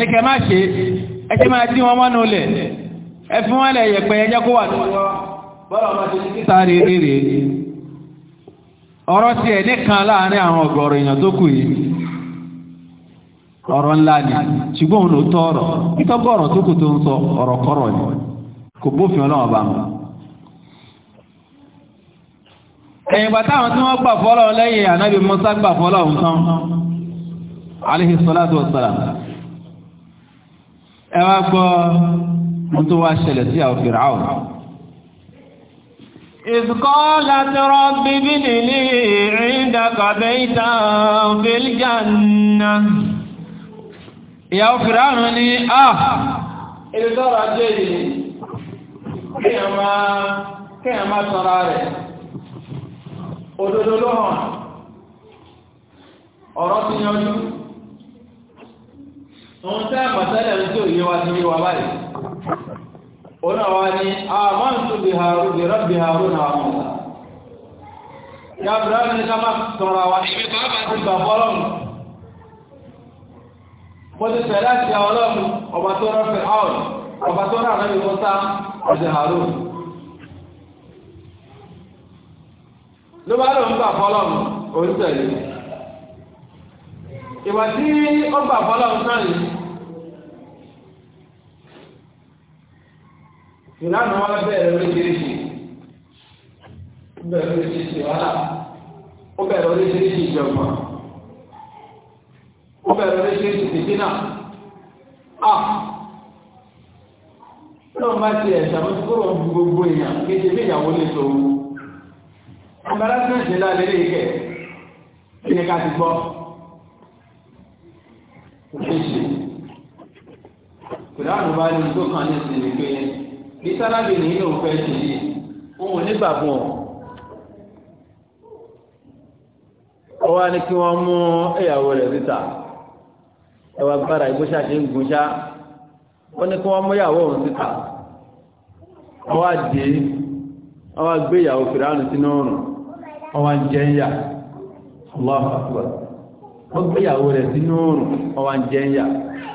ní kẹ́ má ṣe ẹ ṣe máa dín wọn mọ́nu lẹ̀ ẹ fi wọn lẹ̀ yẹ̀pẹ̀ ẹ jẹ́ kó wà tó ọ̀rọ̀ tiẹ̀ nìkan láàárín àwọn ọ̀gọ̀rọ̀ èèyàn tó kù yìí ọ̀rọ̀ ńlá ni ṣùgbọ́n òun ló tọ́ ọ̀rọ̀ ìtọ́gbọ́ ọ̀rọ̀ tó kù tó ń sọ ọ̀rọ̀ kọ́rọ̀ ni kò bófin ọlọ́run bá mu. ẹ̀yìn bàtà àwọn tí wọ́n gbà fọ́lọ́ lẹ́yìn ànábì Musa gbà fọ́lọ́ ọ̀hún tán alayhi salatu wa salam ẹ wá gbọ́ mo tó wá ṣẹlẹ̀ sí àwọn fìrà àwọn. إذ قالت رب ابن لي عندك بيتا في الجنة ìyàwó fìránù ní à ilé tọ́rọ ajé yìí kíyàn máa tọ́ra rẹ̀ òdodo ló hàn ọ̀rọ̀ ti yanjú ohun tẹ́ àmọ̀tẹ́lẹ̀ ń tó yíwa ti yíwa báyìí ona wa ni amantu bi haru bi rabbi haruna wa musa ya ibrahim ni kama tora wa ibi to ba ti ba bolon mo ti ọlọ́run ọba tó rán fẹ́ ọba tó rán àrẹ́bí mọ́sá ọ̀dẹ̀ àrùn ló bá gbà ìwà tí ó gbà náà yìí ìlànà bẹ̀rẹ̀ oríṣiríṣi bẹ̀rẹ̀ oríṣiríṣi wàhálà ó bẹ̀rẹ̀ oríṣiríṣi ìjọba. ó bẹ̀rẹ̀ oríṣiríṣi títí náà ah lọ́n bá ti ẹ̀ṣà mọ́ sí kúrò ní gbogbo èèyàn kéde bí ìyàwó lè tó wú embarrassment ńlá lélẹ̀ ìkẹ́ ìyẹn ká ti gbọ́ òṣèṣe kùdáàrùn bá ní tó kàn ní ìsinmi pé bí sálábì ní inú fẹ́ ṣe yìí òun nígbà fún ọ ó wá ní kí wọ́n mú ìyàwó rẹ̀ síta. ẹ wá gbára ìgbóṣà ṣe ń gun ó ní kí wọ́n mú ìyàwó òun síta wọ́n wá dé wọ́n fìránù sínú ọ̀rùn wọ́n wá ń jẹ rẹ̀ sínú ọ̀rùn wọ́n wá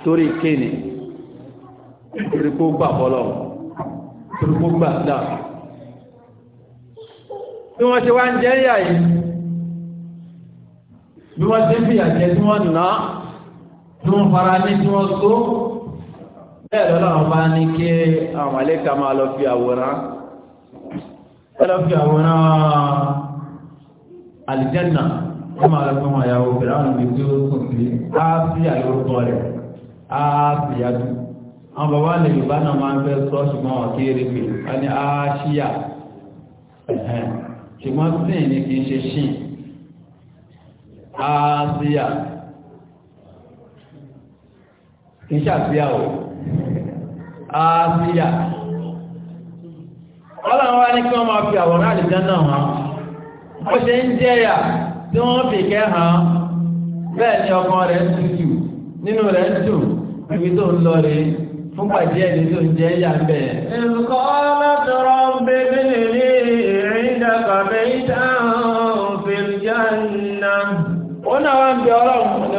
torí kéènì torí kó gbà dà bí wọ́n tí wọ́n fara ní tí wọ́n tó bẹ́ẹ̀ lọ́nà wọn bá ní kí àwọn màlẹ́kà máa lọ fi àwòrán wọ́n lọ fi àwòrán àlìjẹ́nà wọ́n máa lọ fi wọn àyàwó bẹ̀rẹ̀ àwọn ìgbé tí ó sùn sí áàpì àlórúkọ rẹ̀ áàpì yàtú àwọn bàbá lè yorùbá náà máa ń fẹ́ sọ ṣùgbọ́n wọn kéré pé a ní áṣíyà ṣùgbọ́n sí ní kì í ṣe ṣìn áṣíyà kì í ṣàbíyà o ọlọ́run wá ní kí wọ́n máa fi àwòrán àlìjáná hàn ṣe ń jẹ́yà tí wọ́n fi kẹ́ hàn bẹ́ẹ̀ ni ọkàn rẹ̀ ń tutù nínú rẹ̀ ń dùn ibi tó ń lọ rèé fún pàdé ẹni tó ń jẹ́ bẹ́ẹ̀.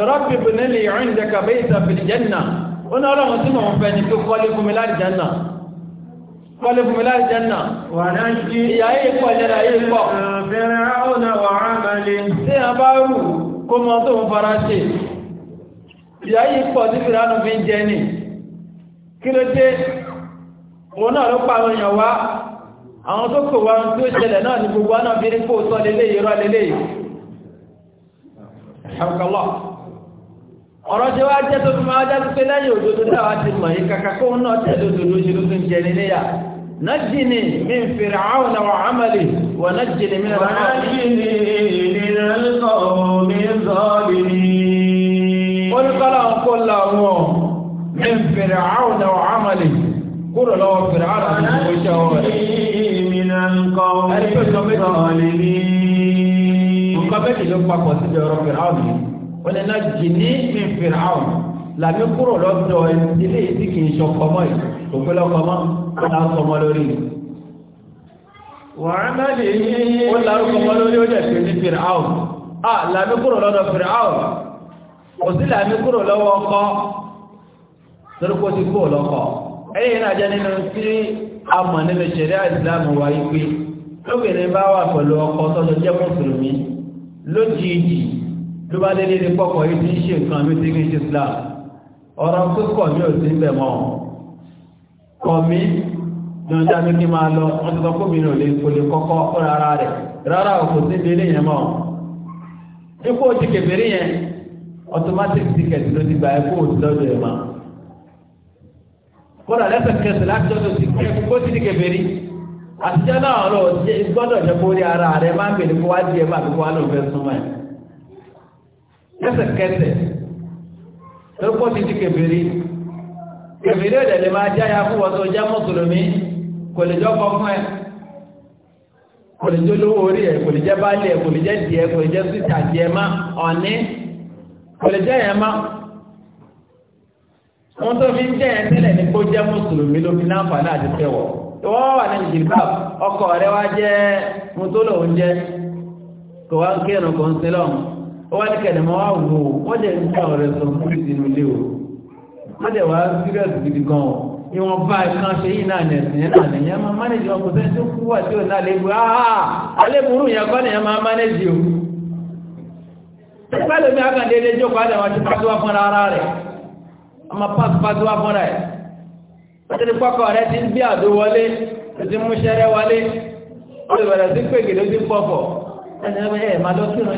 rọ́bì bìnnílì ìrìn ìdẹ́ka bẹ́ẹ̀ ìtàfìlì jẹ́nà ó ní ọlọ́run tí mò ń fẹ́ ni tó kọ́lé fún mi láti jẹ́nà kọ́lé fún mi láti jẹ́nà ìyá yìí pọ̀ jẹ́nà yìí pọ̀ tí a bá rù kó mọ tó ń fara ṣe ìyá yìí pọ̀ tí fìránù fi ń jẹ ni kí ló dé òun náà ló pa àwọn èèyàn wá àwọn tó kò wá tí ó ṣẹlẹ̀ náà ni gbogbo àná bí ní kó sọ lélẹ́yìí rọ́ lélẹ́yìí Alhamdulillah ọ̀rọ̀ ṣe wá jẹ́ tó fi máa jáde pé lẹ́yìn òdodo dáwà ti mọ̀ yí kàkà kó náà tẹ̀lé òdodo ṣe ló fi ń jẹ níléyà najini min fir'aun wa amali wa najini min al-amali min al-qawmi zalimin qul qala qul lahu min fir'aun wa amali qul lahu fir'aun wa shawari min al-qawmi zalimin ko be ti lo wọ́n náà jìnnì mi fìrà ọ̀hún làmí kúrò lọ́dọ̀ ilé yìí tí kì í ṣọkọmọ́ yìí kò pé lọ́kọmọ́ kó náà sọmọ lórí. wàhánà lè yí ó lárúkọmọ́ lórí ó dẹ̀ pé ní fìrà ọ̀hún à làmí kúrò lọ́dọ̀ fìrà ọ̀hún kò sí làmí kúrò lọ́wọ́ ọkọ torí kó ti kó lọ́kọ ẹ̀yìn náà jẹ́ nínú tí a mọ̀ nínú ṣẹ̀ríà ìsìlámù wáyé pé lóbìnrin bá wà pẹ̀lú ọkọ tọ́jọ́ jẹ́ mùsùlùmí lójijì tó bá délé ní pọ́pọ̀ yìí tí ń ṣe nǹkan mi tí kí ń ṣe Islam ọ̀rọ̀ púpọ̀ mi ò sí ń bẹ̀ mọ́ kọ̀ mí jọjá mi kí máa lọ wọ́n ti sọ fún mi ní òlé kò kọ́kọ́ rárá rẹ̀ rárá òkú sí ilé yẹn mọ́ ipò ti kèfèrí yẹn automatic ticket ló ti gba ẹkú òtítọ́jọ́ ẹ̀ máa kódà lẹ́sẹ̀kẹsẹ̀ láti ọdún ti kẹ́ kó ti di kèfèrí àtijọ́ náà lọ gbọ́dọ̀ jẹ́ kó rí ara rẹ̀ máa ń bèrè kó wá di ẹ̀ máa fi lẹ́sẹ̀kẹsẹ̀ tó pọ̀ ti di kèbèrè kèbèrè ọ̀dẹ̀ lè máa jáyà fún wọn tó já mùsùlùmí kò lè jọ́ kọ́ fún ẹ kò lè jẹ́ olówó orí ẹ kò lè jẹ́ báálẹ̀ kò lè jẹ́ díẹ̀ kò lè jẹ́ síta díẹ̀ má ọ̀ní kò lè jẹ́ yẹn má wọn tó fi ń jẹ́ yẹn tẹ́lẹ̀ ní kó jẹ́ mùsùlùmí ló láǹfààní àti tẹ̀wọ̀ wọ́n wà ní jìlbà ọkọ̀ rẹ wá jẹ́ mutólò oúnjẹ kò wá ń kírun kò ń sin lọ́hùn ó wá ní kẹ̀lẹ̀ máa wò wọ́n jẹ́ nípa ọ̀rẹ́ sọ fún ìdí inú ilé o wọ́n jẹ́ wá sírẹ́sì gidi gan o ìwọ̀n bá ìkan ṣe yìí náà nẹ̀sìn yẹn náà nìyẹn máa mánéjì ọkọ̀ sẹ́ni tó kú wà tí ò náà lébu áá alébùrú yẹn kọ́ nìyẹn máa mánéjì o pẹ́pẹ́ lómi àkàndéédé jókòó àdàwọn ti pàṣẹ wá fúnra ara rẹ̀ ọmọ pàṣẹ pàṣẹ wá fúnra ẹ̀ pẹ̀tẹ́lẹ̀ pọ́kọ̀ rẹ̀ ti bí àdó wọlé ti mú ṣẹ́rẹ́ wọlé ó lè bẹ̀rẹ̀ sí pé gèdè ó ti pọ̀pọ̀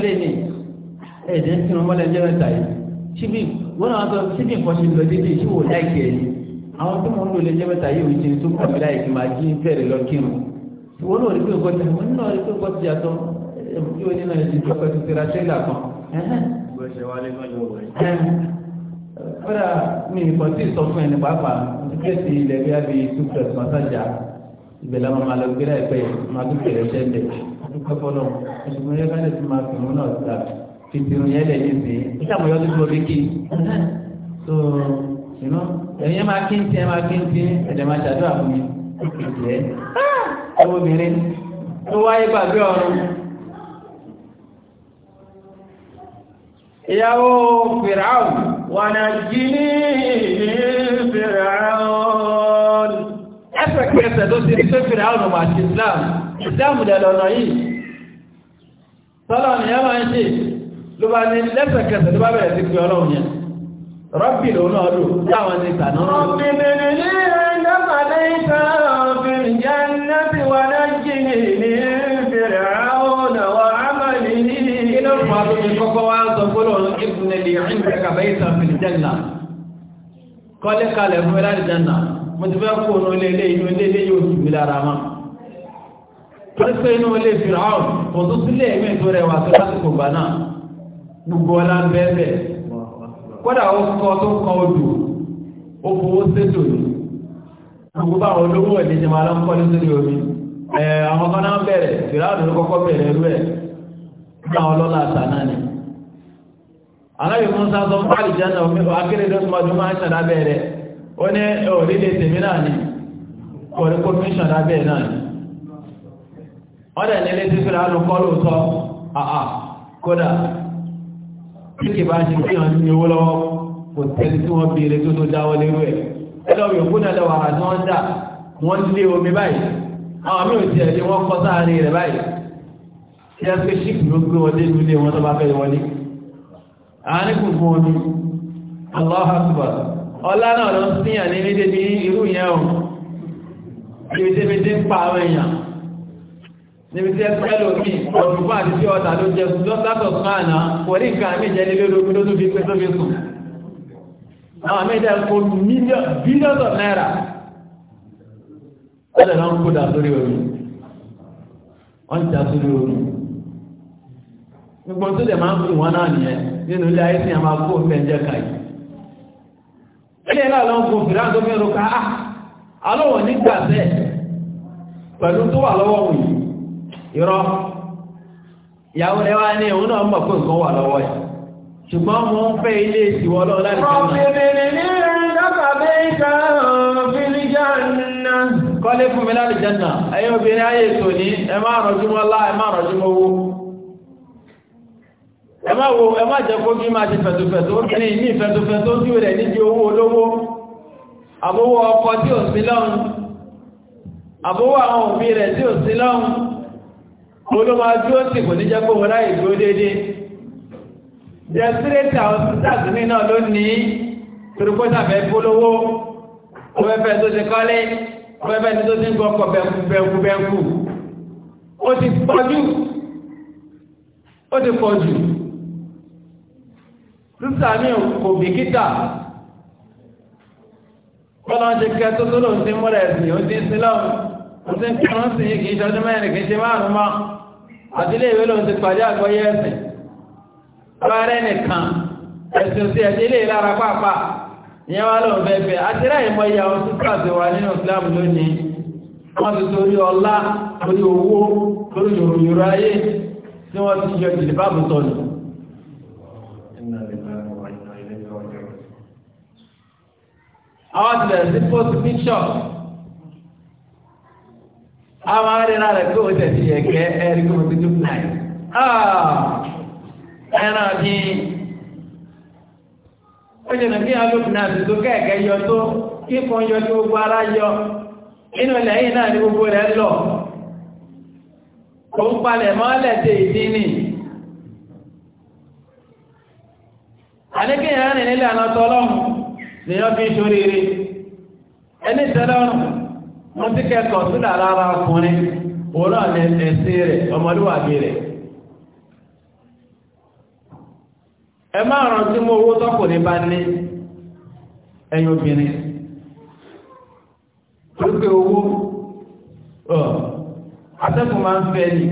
ẹ̀ ẹ̀ẹ́dẹ́ ń sinmi mọ́lẹ̀ ẹjọ́ mẹ́ta yìí síbi wọ́n náà sọ síbi nǹkan ṣe lọ dédé tí wò láìkẹ́ yìí àwọn tó mọ̀ ń lò lẹ́jọ́ mẹ́ta yìí òjì tó kọ̀ mí láìkí máa jí bẹ̀rẹ̀ lọ kírun wọ́n náà rí pé nǹkan ti wọ́n náà rí pé nǹkan ti yàtọ̀ ẹ̀mí wọn nínú ẹ̀jẹ̀ tó kọ́ ti tẹ̀ra tẹ́lá kan. kódà mi nǹkan tí sọ fún ẹni pàápàá kíkẹ́sì ilẹ̀ bí a fi two plus masaja ìbẹ̀lẹ̀ máa lọ gbéra ẹ̀pẹ́ máa tún kẹ̀rẹ̀ ṣẹ́ńdẹ̀ fìtìrù yẹn lẹ̀ yìí sí i nígbà mọ̀ yọ lójú orí so you know ẹ̀yin máa kí n tiẹ̀ máa kí n tiẹ̀ ẹ̀dẹ̀ máa ṣàdúrà fún mi ìjẹ́ ọmọbìnrin tó wáyé gbàgbé ọ̀run ìyàwó fìràún wà náà jí ní fìràún ẹ̀fẹ̀kẹsẹ̀ tó ti rí pé fìràún wà sí Islam Islam dẹ̀ lọ́nà yìí sọ́lọ́ ni ẹ máa ń ṣe ló bá ní lẹ́sẹ̀kẹsẹ̀ ló bá bẹ̀rẹ̀ sí pé ọlọ́run yẹn rọ́bì lòun náà lò táwọn ní ìtànà náà. ọ̀bìnrin ní ẹ̀ẹ́dẹ́gbàdé ìta ọ̀bìnrin jẹ́ nẹ́bí wa náà jìnnì ní fèrè àwọn àwọn àmàlì ní. kí ló fà á tó fi kọ́kọ́ wá sọ gbólóhùn ìbùnẹ̀ lè rìn bẹ́ẹ̀ kàbẹ́ ìta fìlì jẹ́nà kọ́lé kalẹ̀ fún ẹ̀rá ìjẹ́nà mo ti fẹ́ kó inú ilé ilé inú ilé ilé yóò tù mí lára máa pẹ́sẹ́ inú ilé fìràwọ̀ kò tó sílé ẹ̀mí tó rẹwà tó lásìkò gbà náà gbogbo ọla ń bẹ́ẹ̀bẹ̀ kódà ó kọ́ tó odò ó fowó sétò ní gbogbo àwọn olówó ẹ̀dẹ́ jẹ́ máa lọ́nkọ́ omi àwọn kan náà bẹ̀rẹ̀ kọ́kọ́ bẹ̀rẹ̀ ẹ̀ ọlọ́lá ni musa fún omi máa ń lábẹ́ ó ní tèmi náà ni kọ̀rí lábẹ́ náà ni wọ́n dẹ̀ tí lóòótọ́ tí kì bá ṣe kí hàn ní owó lọ́wọ́ kò tẹ́lí tí wọ́n béèrè tó tó dáwọ́ lérú ẹ̀ ẹlọ́wọ̀ yòókù náà lọ́wọ́ àti wọ́n dà wọ́n lé omi báyìí àwọn mí ò tiẹ̀ ní wọ́n kọ́ sáàárín rẹ̀ báyìí tí a pé ṣíkì ló gbé wọlé nílé wọn tó bá fẹ́ wọlé àárín gbogbo omi Allahu Akbar ọlá náà ló ń síyàn ní nídébi irú yẹn o ìrètèmídé ń pa àwọn èèyàn níbi tí ẹsùn ẹlòmíì ọdún fún àti tí ọ̀tà ló jẹ sùn lọ́sàtọ̀ sùnmọ́ànà kò rí nǹkan àmì ìjẹ́ nílé ológun tó tún fi pé tó fi sùn àwọn àmì ìjẹ́ kó bílíọ̀nù náírà ọ̀dẹ̀ náà ń kó dà sórí omi wọ́n ti dà sórí omi gbogbo tó lè máa ń fi wọn náà nìyẹn nínú ilé ayé tí a máa kó fẹ́ jẹ́ ká yìí ilé náà ló ń kó fìrá fi rò ká á ah, alówó nígbà tẹ́ pẹ̀lú tó wà lọ́wọ́ wọ̀nyí irọ́ ìyàwó rẹ̀ wá ní òun náà mọ̀ pé nǹkan wà lọ́wọ́ yìí ṣùgbọ́n mo ń fẹ́ ilé ìsìwọ́ lọ́wọ́ láti ṣe wọ́n. ọ̀pẹ̀bẹ̀rẹ̀ ní ìrìndọ́kàbẹ́ ìta fílíjànà. kọ́lé fún mi láti jẹ́nà ẹ̀yin obìnrin ayé ètò ní ẹ má rọjú mọ́ lá ẹ má rọjú mọ́ owó. ẹ má wo ẹ má jẹ́ kó kí máa ṣe fẹ̀tọ̀fẹ̀tọ̀ obìnrin ní ìfẹ̀tọ̀fẹ̀tọ̀ ojú rẹ̀ níbi owó olówó àbówó ọkọ tí ò sí lọ́hùn àbówó àwọn òbí rẹ̀ tí ò sí lọ́hùn mo ló máa dúró sí kò ní jẹ́ pé wọ́n ráyè dúró déédéé jẹ́sírẹ́tà ọ̀sítàtì ní náà ló ní torípọ́tà fẹ́ polówó ọfẹ́fẹ́ tó ṣe kọ́lé ọfẹ́fẹ́ tó ṣe ń gbọ́kọ̀ bẹ́ẹ̀kú ó ti pọ̀jù ó ti pọ̀jù sísà ní kò bìkítà kọ́lọ́n ṣe kẹ́ tó tó lòun ti múlẹ̀ sí ó ti sílọ́ọ̀ ó ti ń kírun sí kì í ṣọdún mẹ́rin kì í ṣe márùn-ún máa àdílé ìwé ló ń ti pàdé àgbọ́yé ẹ̀sìn ọlọ́rẹ́ nìkan ẹ̀sìn sí ẹ̀dílé ìlara pàápàá ìyẹn wá lóun fẹ́ fẹ́ àtìrẹ́ ìmọ̀ ìyá wọn tún pàṣẹ wà nínú Islam lónìí wọ́n ti torí ọlá torí owó torí yòròyòrò ayé tí wọ́n ti yọ jìlì báàbù sọ̀nù. àwọn tilẹ̀ sí post picture a máa rí náà rẹ̀ kí o tẹ̀sí ẹ̀kẹ́ ẹ̀rí kí o ti dùn náà ah! ẹran bí ó jẹ́ nàbí alóògùn náà ti tó kẹ́ẹ̀kẹ́ yọ tó kíkan yọ tí gbogbo ara yọ inú lẹ́yìn náà ni gbogbo rẹ̀ lọ kò ń palẹ̀ mọ́ lẹ́tẹ̀ ìdí ni àníkíyàn rìn nílẹ̀ àná tọ́lọ́mù lèyàn fi ṣoríire ẹni tẹ́lọ́rùn wọ́n ti kẹ́kọ̀ọ́ sílẹ̀ lára ọkùnrin òun náà ní ẹ̀sìn rẹ̀ ọmọlúwàbí rẹ̀ ẹ máa rántí mú owó tọ́kùnrin bá ní ẹ̀yin obìnrin lókè owó atẹ́kùn máa ń fẹ́ ni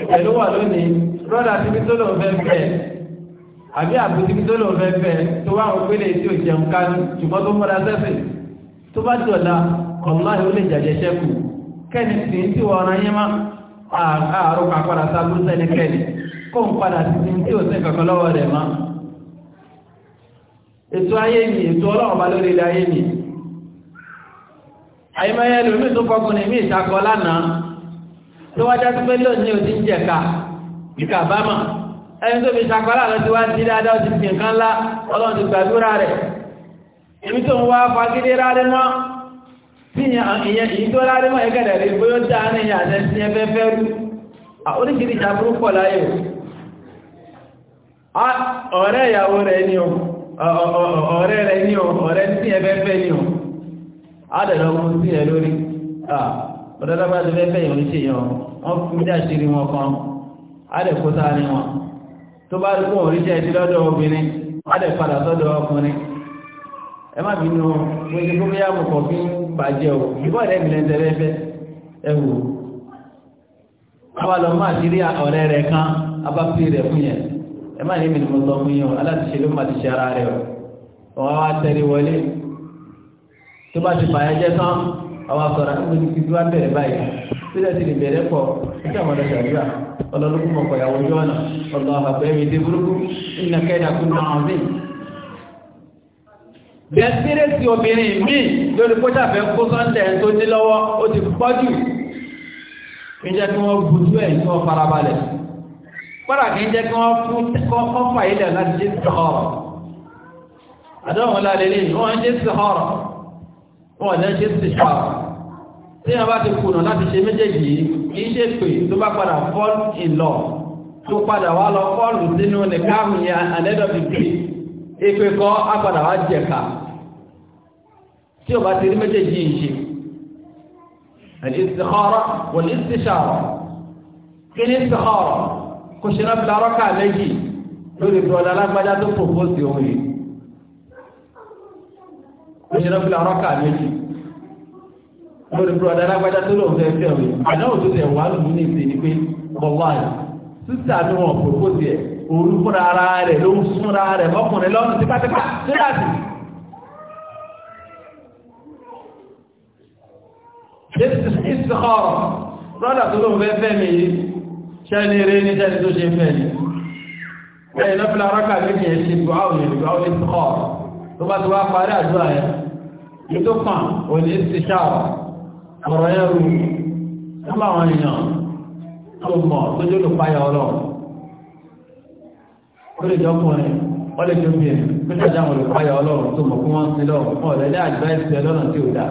ìpẹ̀lú wà lónìí rọ́dà tí tó lòun fẹ́ fẹ́ àbí àbútí tó lòun fẹ́ fẹ́ tó wà ń pélé tí ò jẹun kánú ṣùgbọ́n tó mọ́ra sẹ́sìn tó bá jọ̀dá wọláhì ó lè jàjẹ́ ṣẹ́kù kẹ́ni tí ń tí wọ́n yí má àárò pàpàdà sábú sẹ́ni kẹ́ni kó ń padà sí ti ń tí ò sí kankan lọ́wọ́ rẹ̀ má ètò ayé mi ètò ọlọ́run bá lórí ilé ayé mi àyímáyé lómi tó fọkùnrin mí ìtakọ lánàá tó wájá tó pé lónìí ò ti ń jẹ̀ka ìkàbámà ẹni tó fi ṣàkọ́lá lọ ti wá sí dáadáa ti fi nǹkan ńlá ọlọ́run ti gbàdúrà rẹ̀ èmi tó ń wá fagídé rárẹ́ náà tí ìyẹn ìyí tó rárí mọ́ ẹgẹ́dẹ̀ rí bóyó dáa ní ìyà àtẹ́ sí ẹfẹ́ fẹ́ rú ruru púpọ̀ láyé ọ̀rẹ́ ìyàwó rẹ̀ ní o ọ̀rẹ́ rẹ̀ ní o ọ̀rẹ́ sí fẹ́ ní o adẹ̀lọ sí ẹ lórí ọ̀dọ́dọ́gbà ti fẹ́ ní wọn tó bá mọ̀kọ̀ bàjẹ́ o ìbọ̀ rẹ̀ mi lẹ́tẹ̀rẹ́ fẹ́ ẹwù àwọn ọmọ àti rí ọ̀rẹ́ rẹ̀ kan abápí rẹ̀ fún yẹn ẹ má ní mi ni mo sọ fún yẹn o aláṣẹ ló má ti ṣe ara rẹ̀ o ọwọ́ wa tẹ̀lé wọlé tó bá ti bàyẹ̀ jẹ́ tán àwọn sọ̀rọ̀ àwọn ti fi wá bẹ̀rẹ̀ báyìí sílẹ̀ ti lè bẹ̀rẹ̀ pọ̀ nígbà wọn lọ ṣàdúrà ọlọ́lọ́gbọ̀n kọ̀yàwó jọ́ọ̀nà ọlọ́ dẹ̀sírẹ́sì obìnrin míì lórí pọ́sàfẹ́ kó sọ́ndẹ̀ tó ní lọ́wọ́ ó ti pọ́jù ìjẹ́ kí wọ́n gbùdú ẹ̀ ní wọ́n farabalẹ̀ pọ́dà kí ń jẹ́ kí wọ́n fún kọ́fà ilẹ̀ láti jẹ́ sọ̀rọ̀ àdánwò lálẹ́lẹ́ wọ́n jẹ́ sọ̀rọ̀ wọ́n lẹ́ jẹ́ sọ̀rọ̀ tí wọ́n bá ti kùnà láti ṣe méjèèjì kìí ṣe pé tó bá padà fall in lọ tó padà wá lọ fọ́ọ̀lù sínú nìkáhùn yẹn àlẹ́dọ̀bìbì ìpẹ́kọ́ á padà wá jẹ̀ka tí o bá ti rí méjèèjì yìí ṣe al-istikhara wal-istishara kí ni istikhara kò ṣe náà fìlà rọ́kà méjì lórí ìfọ̀dà alágbájá tó pòpósì òun yìí kò ṣe náà fìlà rọ́kà méjì lórí ìfọ̀dà alágbájá tó lòun fẹ́ fẹ́ òun yìí àná òtún tẹ̀ wà lùmí ní ìsìn ni pé bọ̀wá yìí sísè àti wọn pòpósì ẹ̀ òun fúnra rẹ̀ ló ń súnra rẹ̀ mọ́kùnrin lọ́nà tipátipá síláàsì. ìsìkọ́rọ̀ brọ́dà tó lóun fẹ́ fẹ́ mi yìí ṣẹ́ni ní ṣẹ́ni tó ṣe fẹ́ ni ẹ̀yìn náà fúnra rákà méjì ẹ̀ ṣe dùn áwọn ìlú àwọn ìsìkọ́rọ̀ tó bá ti wá parí àdúrà yẹn ní tó kàn ò ní ti ṣáà ọ̀rọ̀ yẹn rú nígbà wọn èèyàn tó lè jọkùnrin ọlọ́run tó mọ̀ kí wọ́n ń lọ́wọ́ fún ọ̀rẹ́lẹ́ àdúrà ìṣẹ́ tí ò dáa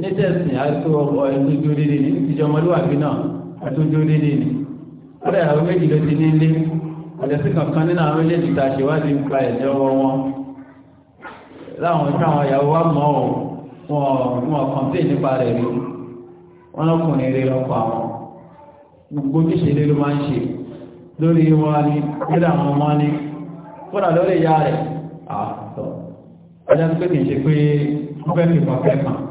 ní tẹ̀sìn àti ọkọ̀ ẹ̀tọ́jú dídì ní ìjọ ọmọlúwàbí náà ẹ̀tọ́jú dídì ní ọ̀rẹ́ àwọn méjì ló ti nílé kankan nínú àwọn ẹ̀jẹ̀ ọwọ́ wọn láwọn ìyàwó wa mọ̀ ọ́ wọn kàn sí nípa rẹ̀ rí wọn lọkùnrin rí lọ́kọ̀ àwọn gbogbo ló máa ń ṣe lórí wọn ni lórí àwọn ọmọ ni fúnra lórí ìyá rẹ̀ àtọ̀ kì í ṣe pé wọ́n fẹ́ fi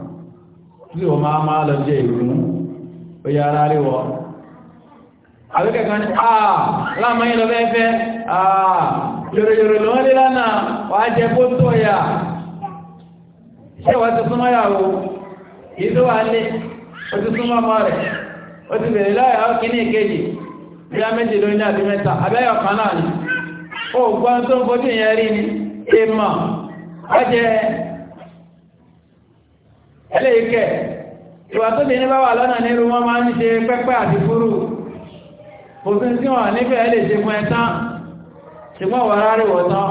tí o máa máa lọ jẹ ìrùn ó yá ara rí wọ àwẹ́kẹ̀kan ní àà láàmọ́yìn lọ fẹ́fẹ́ àà yòròyòrò lọ lé lánàá wà jẹ kó tó yà ṣe wà ti súnmọ́ yàwó ìlú wà lé ó ti súnmọ́ mọ́ rẹ̀ ó ti bẹ̀rẹ̀ láyà ó kíní ìkejì bí a méjì ló ní àti mẹ́ta àbẹ́yọ̀ kan náà ni ó gbọ́n tó ń fojú ìyẹn rí ni èèmọ̀ wá Elee ìwà tó lè ní bá wà lọ́nà nírú wọ́n máa ń ṣe pẹ́pẹ́ àti fúrú òfin tí wọ́n nífẹ́ ẹlẹ́ ṣe fún ẹ̀tán ṣùgbọ́n wà rárí wọ̀tán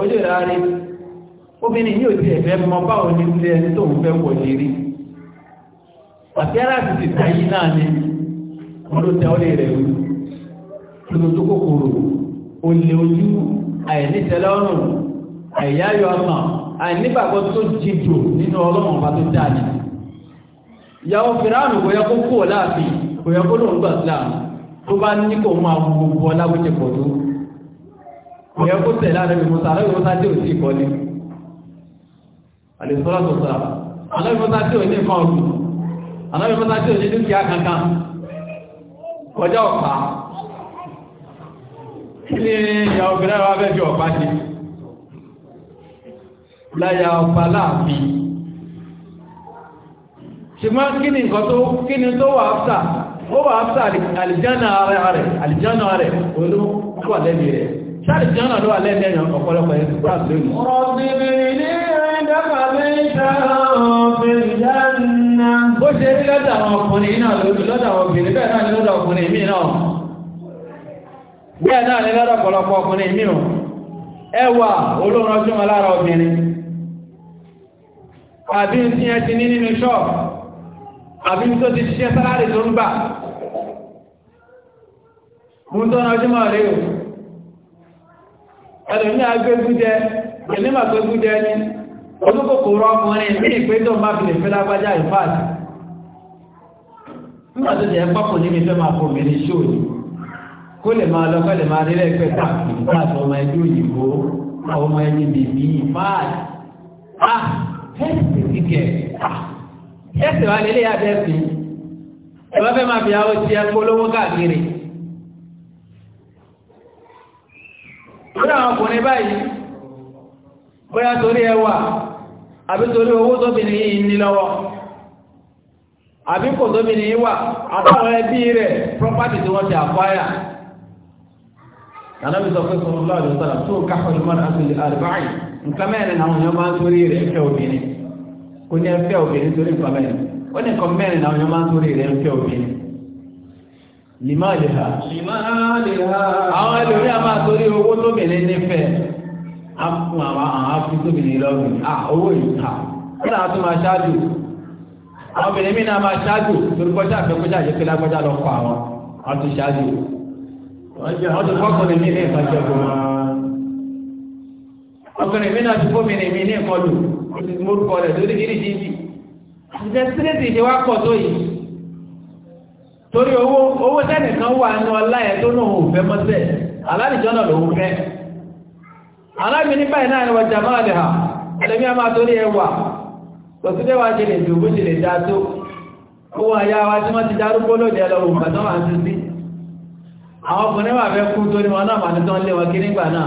ojú rárí obìnrin ti ẹ̀fẹ́ mọ báwo ní ilé ẹni tó ń fẹ́ wọ̀ ti ti tàyí náà ni wọ́n ló tẹ́ ọlẹ́ rẹ̀ lójú tó kòkòrò àìnígbàgbọ́ tó jìdò nínú ọlọ́run bá tó dáadì ìyàwó fìránù kò yẹ kó kó láàfin kò yẹ kó lóun gbà síláàmù tó bá ní kò máa gbogbo ọlágbójẹ pọ̀ tó kò yẹ kó tẹ̀lé àrẹ mi mọ́ta àrẹ́wò mọ́ta tí ò sí ìkọ́ni àlèsọ́lá tó sọ́ra àrẹ́wò mọ́ta tí ò ní nǹkan ọ̀gbìn àrẹ́wò mọ́ta tí ò ní dúkìá kankan kọjá ọ̀pá kí ni ìyàwó fìránù wá fẹ́ fi ọ̀pá ṣe láyà ọba láàfin ṣùgbọ́n kí ni nǹkan tó kí ni tó wà áfà ó wà áfà àlìjánà rẹ̀ àlìjánà rẹ̀ olú wà lẹ́mìí rẹ̀ ṣáàlìjánà ló wà lẹ́mìí ẹ̀yàn ọ̀pọ̀lọpọ̀ ẹ̀ fúrà ṣe rí bẹ́ẹ̀ náà ni lọ́dọ̀ ọ̀pọ̀lọpọ̀ ọkùnrin míì ẹwà olóòrùn ọjọ́ alára obìnrin àbí tí ẹ ti ní nínú ṣọ́ọ̀bù àbí tó ti ṣiṣẹ́ sáláàrì tó ń gbà mú tó náà ọjọ́ máa rí o ẹlòmí ma ìlímà tó gúnjẹ ní olúkòkòrò ọkùnrin ní ìpé tó má fi fẹ́ lágbájá ìfáàdì nígbà tó jẹ́ pápọ̀ máa fòmì ní kó lè máa lọ ọmọ ẹgbẹ́ òyìnbó ọmọ bèbí ẹsẹ̀ kíkẹ́ ẹsẹ̀ wa lélẹ́yà bẹ́ẹ̀ fi ẹ̀wọ́n fẹ́ máa fi àwọn ti ẹ polówó káàkiri. lórí àwọn ọkùnrin báyìí torí ẹwà àbí torí owó tóbìnrin yìí ní lọ́wọ́ àbí kò tóbìnrin yìí wà àtàwọn ẹbí rẹ̀ property tí wọ́n ti àkọ́yà sọ nǹkan mẹ́rin àwọn èèyàn ire rẹ̀ fẹ́ obìnrin kò ní ẹfẹ́ obìnrin torí nǹkan mẹ́rin ó ní nǹkan mẹ́rin àwọn èèyàn máa rẹ̀ fẹ́ obìnrin lè ha àwọn ẹlòmí a máa torí owó tóbìnrin nífẹ̀ẹ́ á àwọn àwọn tóbìnrin lọ́rùn owó ìta ó náà tún máa ṣáájú àwọn obìnrin mi náà máa ṣáájú torí kọjá àjẹpẹ́ lágbájá lọ àwọn ṣáájú wọ́n ti fọ́kùnrin ní ìfàjẹ́ ọkùnrin mi náà ti fómìnrin mi ní ìkọlù orúkọ rẹ̀ lórí gírígírí ìjẹ́ síréètì ìṣe wá pọ̀ tó yìí torí owó owó tẹ́nìkan wà ní ọlá ẹ̀ tó náà òfẹ́ mọ́sẹ̀ alárìjọ́ náà lòun fẹ́ alábi ní báyìí náà ni wọ́n jà máa lè hà ẹlẹ́mí a máa torí ẹwà kò sí lẹ́wà jẹ́ lè dùn bó ṣe lè dá tó owó àyá wa tí wọ́n ti dárúgbó lóde ẹlọ́wọ́ nǹkan tó wà ń sí sí àwọn ọkùnrin wà fẹ́ kú torí wọn náà mà ní tán lé wọn kí nígbà náà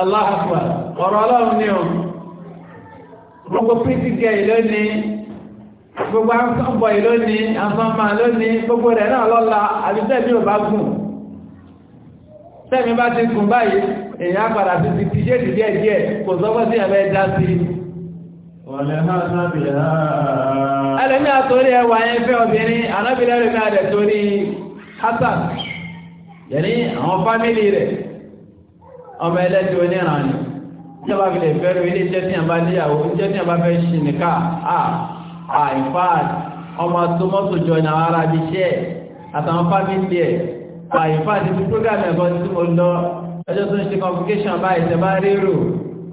aláàpá ọ̀rọ̀ ọlọ́run ní ọ̀rọ̀ gbogbo pdp ìlónìí gbogbo àǹsọ̀bọ̀ ìlónìí àǹsọ̀mà lónìí gbogbo rẹ̀ náà lọ́la àbísẹ́mi ò bá gùn sẹ́mi bá ti gùn báyìí èèyàn padà sí ti tíṣe díẹ̀ kò àwọn rẹ̀ ọmọ ẹlẹ́dẹ̀ oníranì ìjọba fi lè fẹ́rù ilé iṣẹ́ tí àbá níyàwó iṣẹ́ tí àbá fẹ́ ṣì nìka àìfáàd ọmọ tó mọ́tò jọ ní àwọn ará iṣẹ́ àtàwọn fámìlì ẹ̀ àìfáàd ti prógámì ẹ̀kọ́ tí mo lọ ẹjọ́ tó ń ṣe convocation báyìí tẹ bá rérò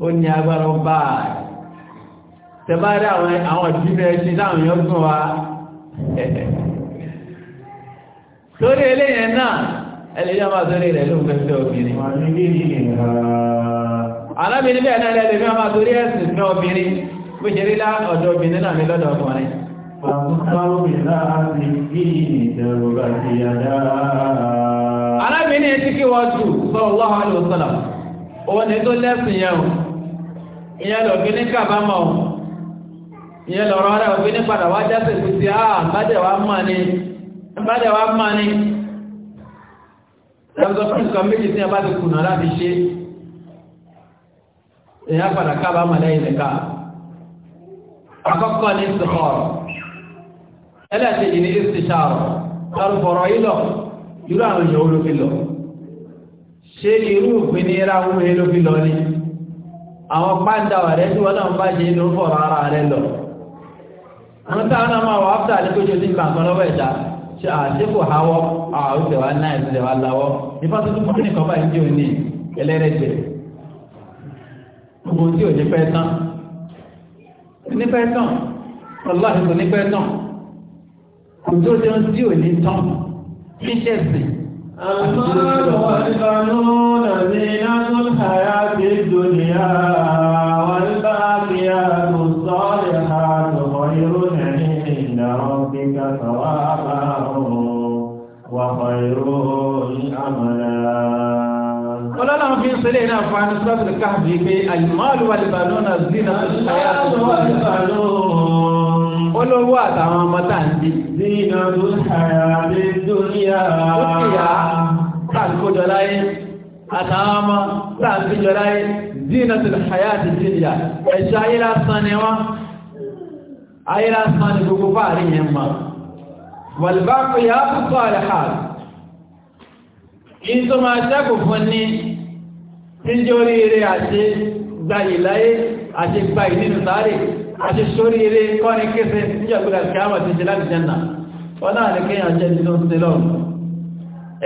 ó ní agbára báyìí tẹ bá rí àwọn ìdílé ẹṣin láwọn èèyàn gùn wa lórí eléyẹn náà ẹni yá máa sórí rẹ̀ lóun fẹ́fẹ́ obìnrin alábìnrin bẹ́ẹ̀ náà lẹ́lẹ́mí a máa sórí ẹ̀sìn ní obìnrin bó ṣe rí lá ọ̀dọ̀ obìnrin náà ní lọ́dọ̀ ọkùnrin alábìnrin tí kí wọ́n jù sallallahu alaihi wasallam òun tó lẹ́sìn yẹn o ìyẹn àà ah, bá mọ́ ni lọ́sọ̀ fún nǹkan méjì tí a bá ti kùnà láti ṣe èèyàn padà kábà mà lẹ́yìn lẹ́ka àkọ́kọ́ ní sọ̀rọ̀ ẹlẹ́sìn ní ìsìṣàrọ̀ lọ́rùbọ̀rọ̀ ìlọ̀ irú àwọn èèyàn olófin lọ ṣé irú òfin ní ra ohun olófin lọ ni àwọn pàǹdà ọ̀rẹ́ tí wọ́n náà bá ṣe ló fọ̀rọ̀ ara rẹ lọ àwọn táwọn náà máa wà áfíà ní kójú sí nǹkan lọ́wọ́ ẹ̀dá ṣàṣẹ́kù àwọ́ àwọ́sẹ̀wà náà ìṣẹ̀wà láwọ́ ìfásitì fún ní kọba ìjọ ẹlẹ́rẹ́jẹ̀ gbogbo tí ò ní pẹ́ tán ní pẹ́ tán ọlọ́rin ní pẹ́ tán kò tó jẹ́ tí ò ní tán ní ṣẹ̀sì والباقيات الصالحات خير عند Ọlọ́run fi ń sílé náà fa ní sọ́tìlì káàbí pé àìmọ́lù wà lìbà lọ́nà zina olówó àtàwọn ọmọ tàbí. Zina tó ṣàyà lè dóríyà. Ó kìyà tàbí kó jọ láyé, àtàwọn ọmọ tàbí jọ láyé, zina tó ṣàyà ti dóríyà. Ẹ̀ṣọ́ ayé lásán ni wọ́n, ayé lásán ni gbogbo fáàrí yẹn máa. والباقيات الصالحات إن ثم تكفني تنجوري رياتي دايلاي àti gba ìnínú sáré àti sórí eré kọ́ni kéfẹ́ níjọ̀gbọ́dà kí a wà ti jẹ láti jẹ́nà wọ́n náà ní kíyàn jẹ́ nínú ti lọ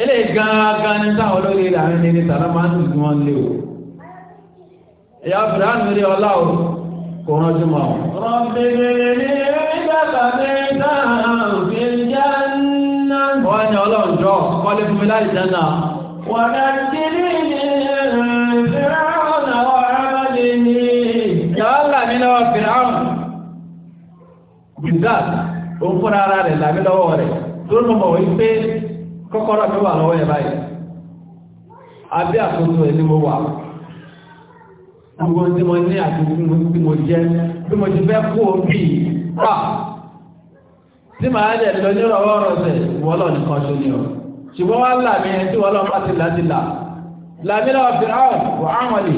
ilé gangan ní sáwọn olórí rẹ̀ àwọn ènìyàn tààrà máa ń dùn wọn lè o ìyá bìránù rí ọlá o kò rán jùmọ̀ rán bèèrè ní ẹgbẹ́ wọlé fún mi láì jẹ́nà wọ́n á kiri ní fìràún àwọn arábàlẹ̀ ní ìyáwọ́lá mi lọ́wọ́ fìràún jesus ó ń fúnra ara rẹ̀ làmí lọ́wọ́ rẹ̀ tó ń mọ̀ wípé kọ́kọ́rọ́ mi wà lọ́wọ́ ẹ̀ báyìí abẹ́ àkóso ẹ̀ ni mo wà gbogbo tí mo ní àti tí mo jẹ́ tí mo ti fẹ́ kú òbí ah! tí màá dẹ̀ lọ ní ọ̀rọ̀ ọ̀rọ̀ sẹ̀ wọ́lọ̀ nìkan ṣe ni ọ̀rọ̀ ṣùgbọ́n wá láàmì ẹni tí wọ́n lọ bá ti láti là láàmì lọ́wọ́ fìràwọ̀ wà áwọn lè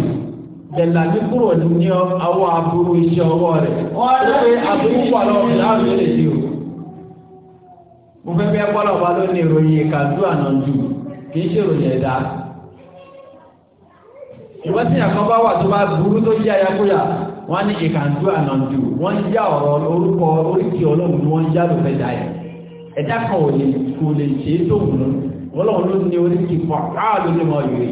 bẹ̀là ní kúrò ní àwọn aburú iṣẹ́ ọwọ́ rẹ̀ wọ́n á lè aburú pọ̀ lọ́wọ́ fìràwọ̀ lè lè di o. mo fẹ́ fẹ́ bọ́lá ọba ló ní ìròyìn ìkàdú ànàndù kì í ṣèròyìn ẹ̀dá. ìwọ́n tí àkọ́ bá wà tó bá burú tó jẹ́ ayakúyà wọ́n ní ìkàdú ànàndù wọ́n já ọ̀rọ̀ orúkọ oríkì ọlọ́run wọ́n já lófẹ́ dáyà ẹ̀dá kan ò lè kò lè ṣe é tó wùn wọ́n lọ́wọ́ ló ní orí kí pọ̀ káàlù ní mọ̀ yìí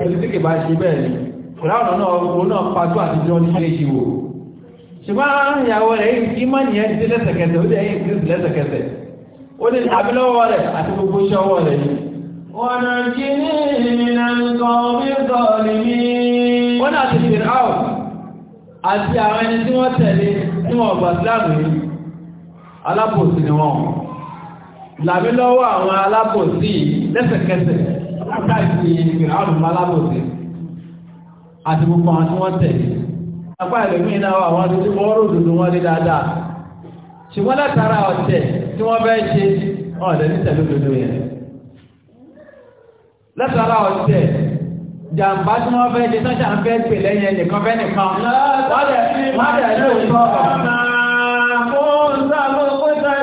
ẹ̀sùn tí kì bá ṣe bẹ́ẹ̀ ni kùráùnà náà ọkùnrin náà pàtó àtijọ́ ní ṣe ìwò ṣùgbọ́n ìyàwó rẹ̀ yìí kí má nìyẹn ti lẹ́sẹ̀kẹsẹ̀ ó dẹ̀ yìí kí lẹ́sẹ̀kẹsẹ̀ ó ní àbílọ́wọ́ rẹ̀ àti gbogbo iṣẹ́ ọwọ́ rẹ̀ yìí. wọ́n náà kí ní ìrìnà nǹkan bí bọ́ọ̀lì ní. wọ́n náà ti fi alábòsí ni wọ́n làmí lọ́wọ́ àwọn alábòsí lẹ́sẹ̀kẹsẹ̀ láti ìgbìrà ọ̀dùnmọ́ alábòsí àti gbogbo àwọn tí wọ́n apá náà wà wọ́n ti wọn dáadáa ṣùgbọ́n látara ọ̀tẹ̀ tí wọ́n bẹ́ẹ̀ ṣe ọ̀dẹ̀ ní tẹ̀lé yẹn látara ọ̀tẹ̀ jàǹbá tí wọ́n fẹ́ ṣe pè lẹ́yìn ẹnìkan fẹ́ nìkan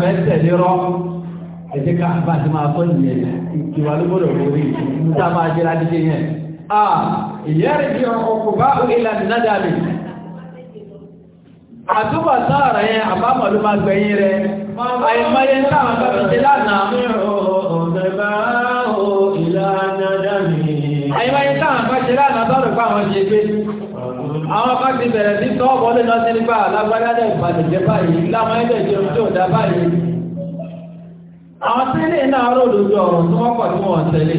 fẹ́ tẹ̀lé rọ́ ẹ̀jẹ̀ bá ti máa tọ́ ìyẹn ìwà ló gbọ́dọ̀ lórí máa jẹ́ ládíjé yẹn à ìyẹ́ bí ọkọ̀ bá ìlà nádàbì àtúbọ̀ sáàrà yẹn máa gbẹ̀yìn àwọn kan ti bẹ̀rẹ̀ sí tọ́ọ̀bọ̀ lè lọ sí nípa báyìí lámọ́ẹ́dẹ̀ jẹun tí báyìí àwọn tí ní náà rò ọ̀rọ̀ tí wọ́n tẹ̀lé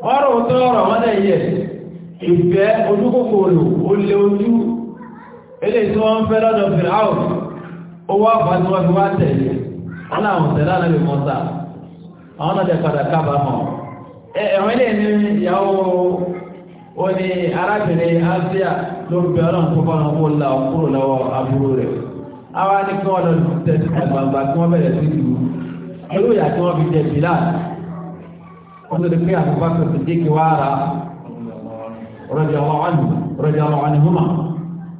tó ọ̀rọ̀ wọ́n dẹ̀ yẹ ìfẹ́ tí tẹ̀lé àwọn ó ní arábìnrin asia ló ń bẹ ọlọ́run tó fọ́nà kó la kúrò lọ́wọ́ aburú rẹ̀ àwa ní kí wọ́n lọ sí tẹ̀sí àgbàgbà kí wọ́n bẹ̀rẹ̀ sí ìlú irú ìyá tí wọ́n fi jẹ bìlá wọ́n tó lè pé àkókò tó ti dé kí wá ra rọjà wọn wà ní rọjà wọn wà ní húmà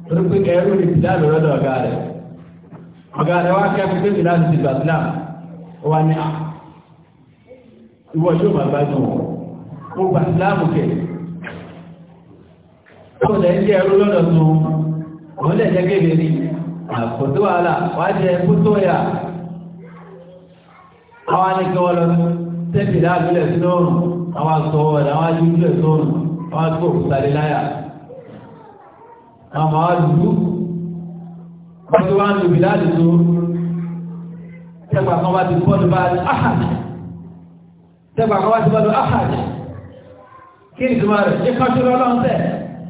torí pé ẹrú ni bìlá lọ́rọ́ lọ ọ̀gá rẹ̀ ọ̀gá rẹ̀ wá kẹ́kọ̀ọ́ pé bìlá ti gbà bìlá wà ní ah, ìwọ yóò má gbájú wọn ó gbà bìlá mú kẹ́kẹ́ tó lẹ́ ń jẹ́ ẹrú lọ́dọ̀ tó òun lè jẹ́ kébè ní àkótó wàhálà wàá jẹ ẹkú tó yà àwọn anìkẹ́ wọn lọ tẹ́bì láàbílẹ̀ sí lọ́rùn àwọn àtọ̀ ọ̀dà àwọn ajúlẹ̀ sọ́rùn àwọn àtọ̀ òkútàlẹ̀ láyà àwọn àwọn àdúgbò wọ́n ti wá ń lòbí láti tó tẹ́gbà kan bá ti bọ́ọ̀lù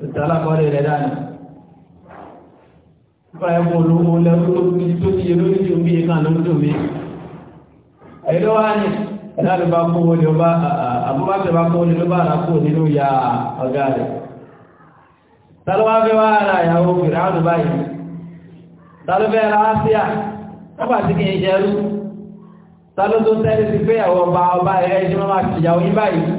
tòtò alákọ̀ọ́lẹ̀ rẹ̀ dànù. Nípa ẹ̀kọ́ olówó lẹ́rú tó ti yẹ lórí tí omi kan ló ń dùn Ẹ̀rọ wá ní ìdáàlú bá kó wọlé ọba àbúbáṣẹ bá kó wọlé ló bá nínú ya ọ̀gá rẹ̀. Tálọ́ wá fẹ́ wá ara ìyàwó fèrè Tálọ́ fẹ́ ra kì í Tálọ́ tó tẹ́lẹ̀ ti fẹ́ ọba ọba máa ti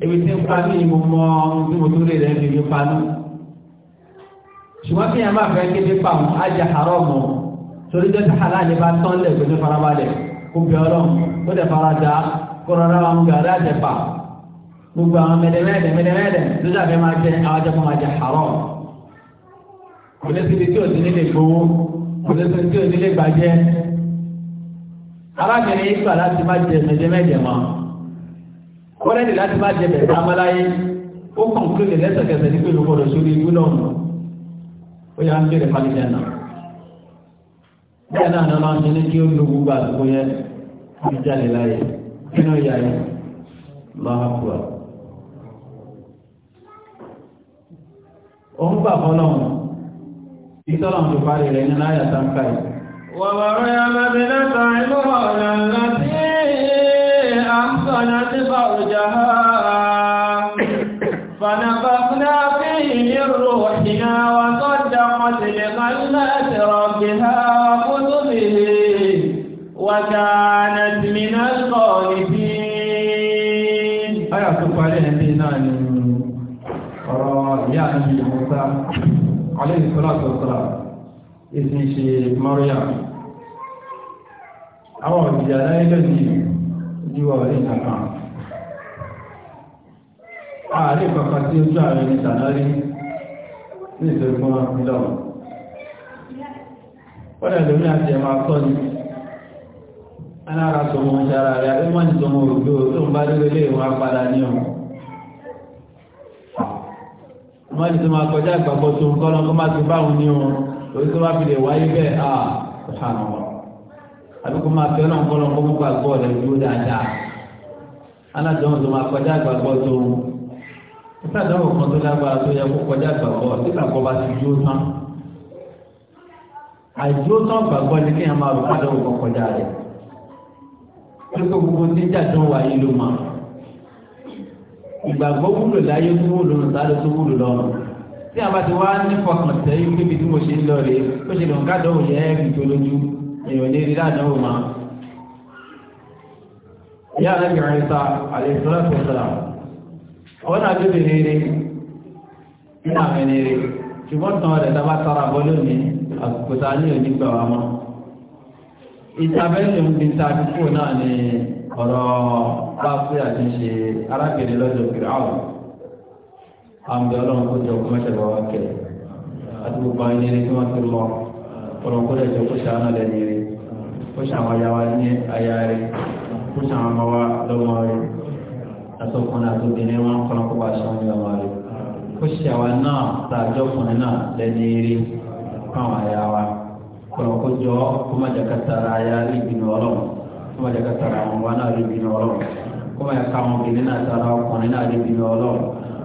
ebi tí ń pa ní ìmú mọ́ tí mo tún lè rẹ̀ ní ìlú panú ṣùgbọ́n tí yẹn máa fẹ́ kéde pa àwọn ajá àárọ̀ mọ̀ torí jẹ́ tí aláàlẹ́ bá tán lẹ̀ pẹ̀lú farabalẹ̀ kó bẹ̀ ọlọ́run ó dẹ̀ farada kó rọra wọn gàdá àjẹpà gbogbo àwọn mẹ̀dẹ̀mẹ̀dẹ̀ mẹ̀dẹ̀mẹ̀dẹ̀ tó dàbẹ́ máa jẹ àwọn ajẹ́kọ́ máa jẹ àárọ̀ kò ní síbi tí ò sí nílé gbowó kò ní síbi tí ò nílé gbàjẹ́ arábìnrin kọ́lẹ́dì láti má jẹ bẹ̀rẹ̀ amáláyé ó kàn kúrò ní lẹ́sẹ̀kẹsẹ̀ ní pé lókọ̀ọ́dọ̀ sórí ìlú náà ó yà ń bèrè pálíjà náà bẹ́ẹ̀ náà náà máa ń ṣe ní kí ó lo gbogbo àsìkò yẹn ní jáde rẹ̀ ní láyà sáńkà yìí. wàwàrọ̀ yà lábẹ́ ìlú ọ̀rẹ́ أحسنت فرجها فنفخنا فيه من روحنا وصدقت لكلمات ربها وكتبه وكانت من القانتين. أيها الأخوة علينا بإيمان يا نبي موسى عليه الصلاة والسلام اسمي مريم. أول جلالة دين ju ọ̀rẹ́ ìtàkà ààrẹ kọ̀kọ́ tí ojú ààrẹ ní tànárí ní ìṣẹ́gun ìlọ wọ́n lè lórí àti ẹ̀mà tọ́ ni alára tó mọ́ ṣára rẹ̀ ẹgbẹ́mọ́ni tó mọ́ òjò tó ń bá lórí ilé ìwọ̀n apadà ní ọ̀hún wọ́n ti máa kọjá ìgbàgbọ́ tó ń kọ́ lọ́kọ́ má ti báwọn ní ọ̀hún àbíkú máa fẹ́ náà kọ́lọ́ kó mú gbàgbọ́ rẹ̀ dúró dáadáa aládùn tó máa kọjá gbàgbọ́ tó nígbàdàn òkan tó lágbára tó yẹ kó kọjá gbàgbọ́ nígbà kó bá ti dúró tán àìdúró tán gbàgbọ́ ni kéèyàn máa rò kádàn òkan kọjá rẹ̀ pé kó gbogbo níjà tó ń wà yìí ló máa ìgbàgbọ́ wúlò láyé fún wúlò sáré tó wúlò lọ́rùn tí a bá ti wá ní fọkàn sẹ́yìn pé tí mo ṣe ń lọ rèé ó ṣe lọ́nkádọ́ òyẹ́ ẹ̀ èèyàn ní rí dáadáwò máa ìyá anábì àrísà àlèsọ́lọ́sọ̀ sọ́lá ọ̀nà àjọbì rere nínú àmì na ṣùgbọ́n tán rẹ̀ dábà sára bọ́ lónìí a ní onígbà wa mọ́ ìtàbẹ́lẹ̀ ń bí ta àdúgbò náà ni ọ̀rọ̀ bá fún àti ṣe arábìnrin àwọn àti gbogbo ayé ní wọ́n ti lọ ọ̀rọ̀ kó ṣe àánà lẹ́yìn rí kó ṣàwọn ayari, wa ní aya rẹ̀ kó ṣàwọn ọmọ wa lọ́mọ rẹ̀ àtọkùnrin àtòbìnrin wọn kọ́nà kó bá ṣàwọn ọmọ rẹ̀ kó ṣàwa náà tààjọ́ fúnni náà lẹ́ni eré fáwọn aya wa kọ́nà kó jọ kó má jẹ́ ká tara aya rí ìbínú ọlọ́run kó má jẹ́ tara wa náà rí ìbínú ọlọ́run kó má yẹ ká àwọn tara ọkùnrin náà rí ìbínú ọlọ́run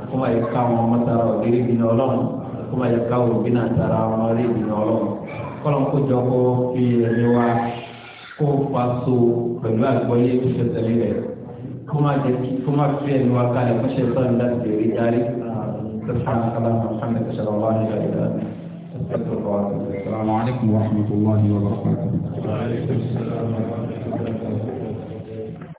kó má yẹ ká àwọn ọmọ tara ògiri ìbínú ọlọ́run kó tara ọmọ rí ìbínú ọlọ́run kọ́nà kó jọ kó fi wa kó pa so pẹ̀lú àgbọ́yé tó fẹsẹ̀ lílẹ̀ kó má jẹ́ kí kó má fi ẹnu wákà lè fẹsẹ̀ sọ̀rọ̀ láti lè rí darí sọ̀rọ̀ kálá mọ̀sánlẹ̀ sọ̀rọ̀ wà ní ìlànà السلام عليكم ورحمة الله وبركاته. وعليكم السلام ورحمة الله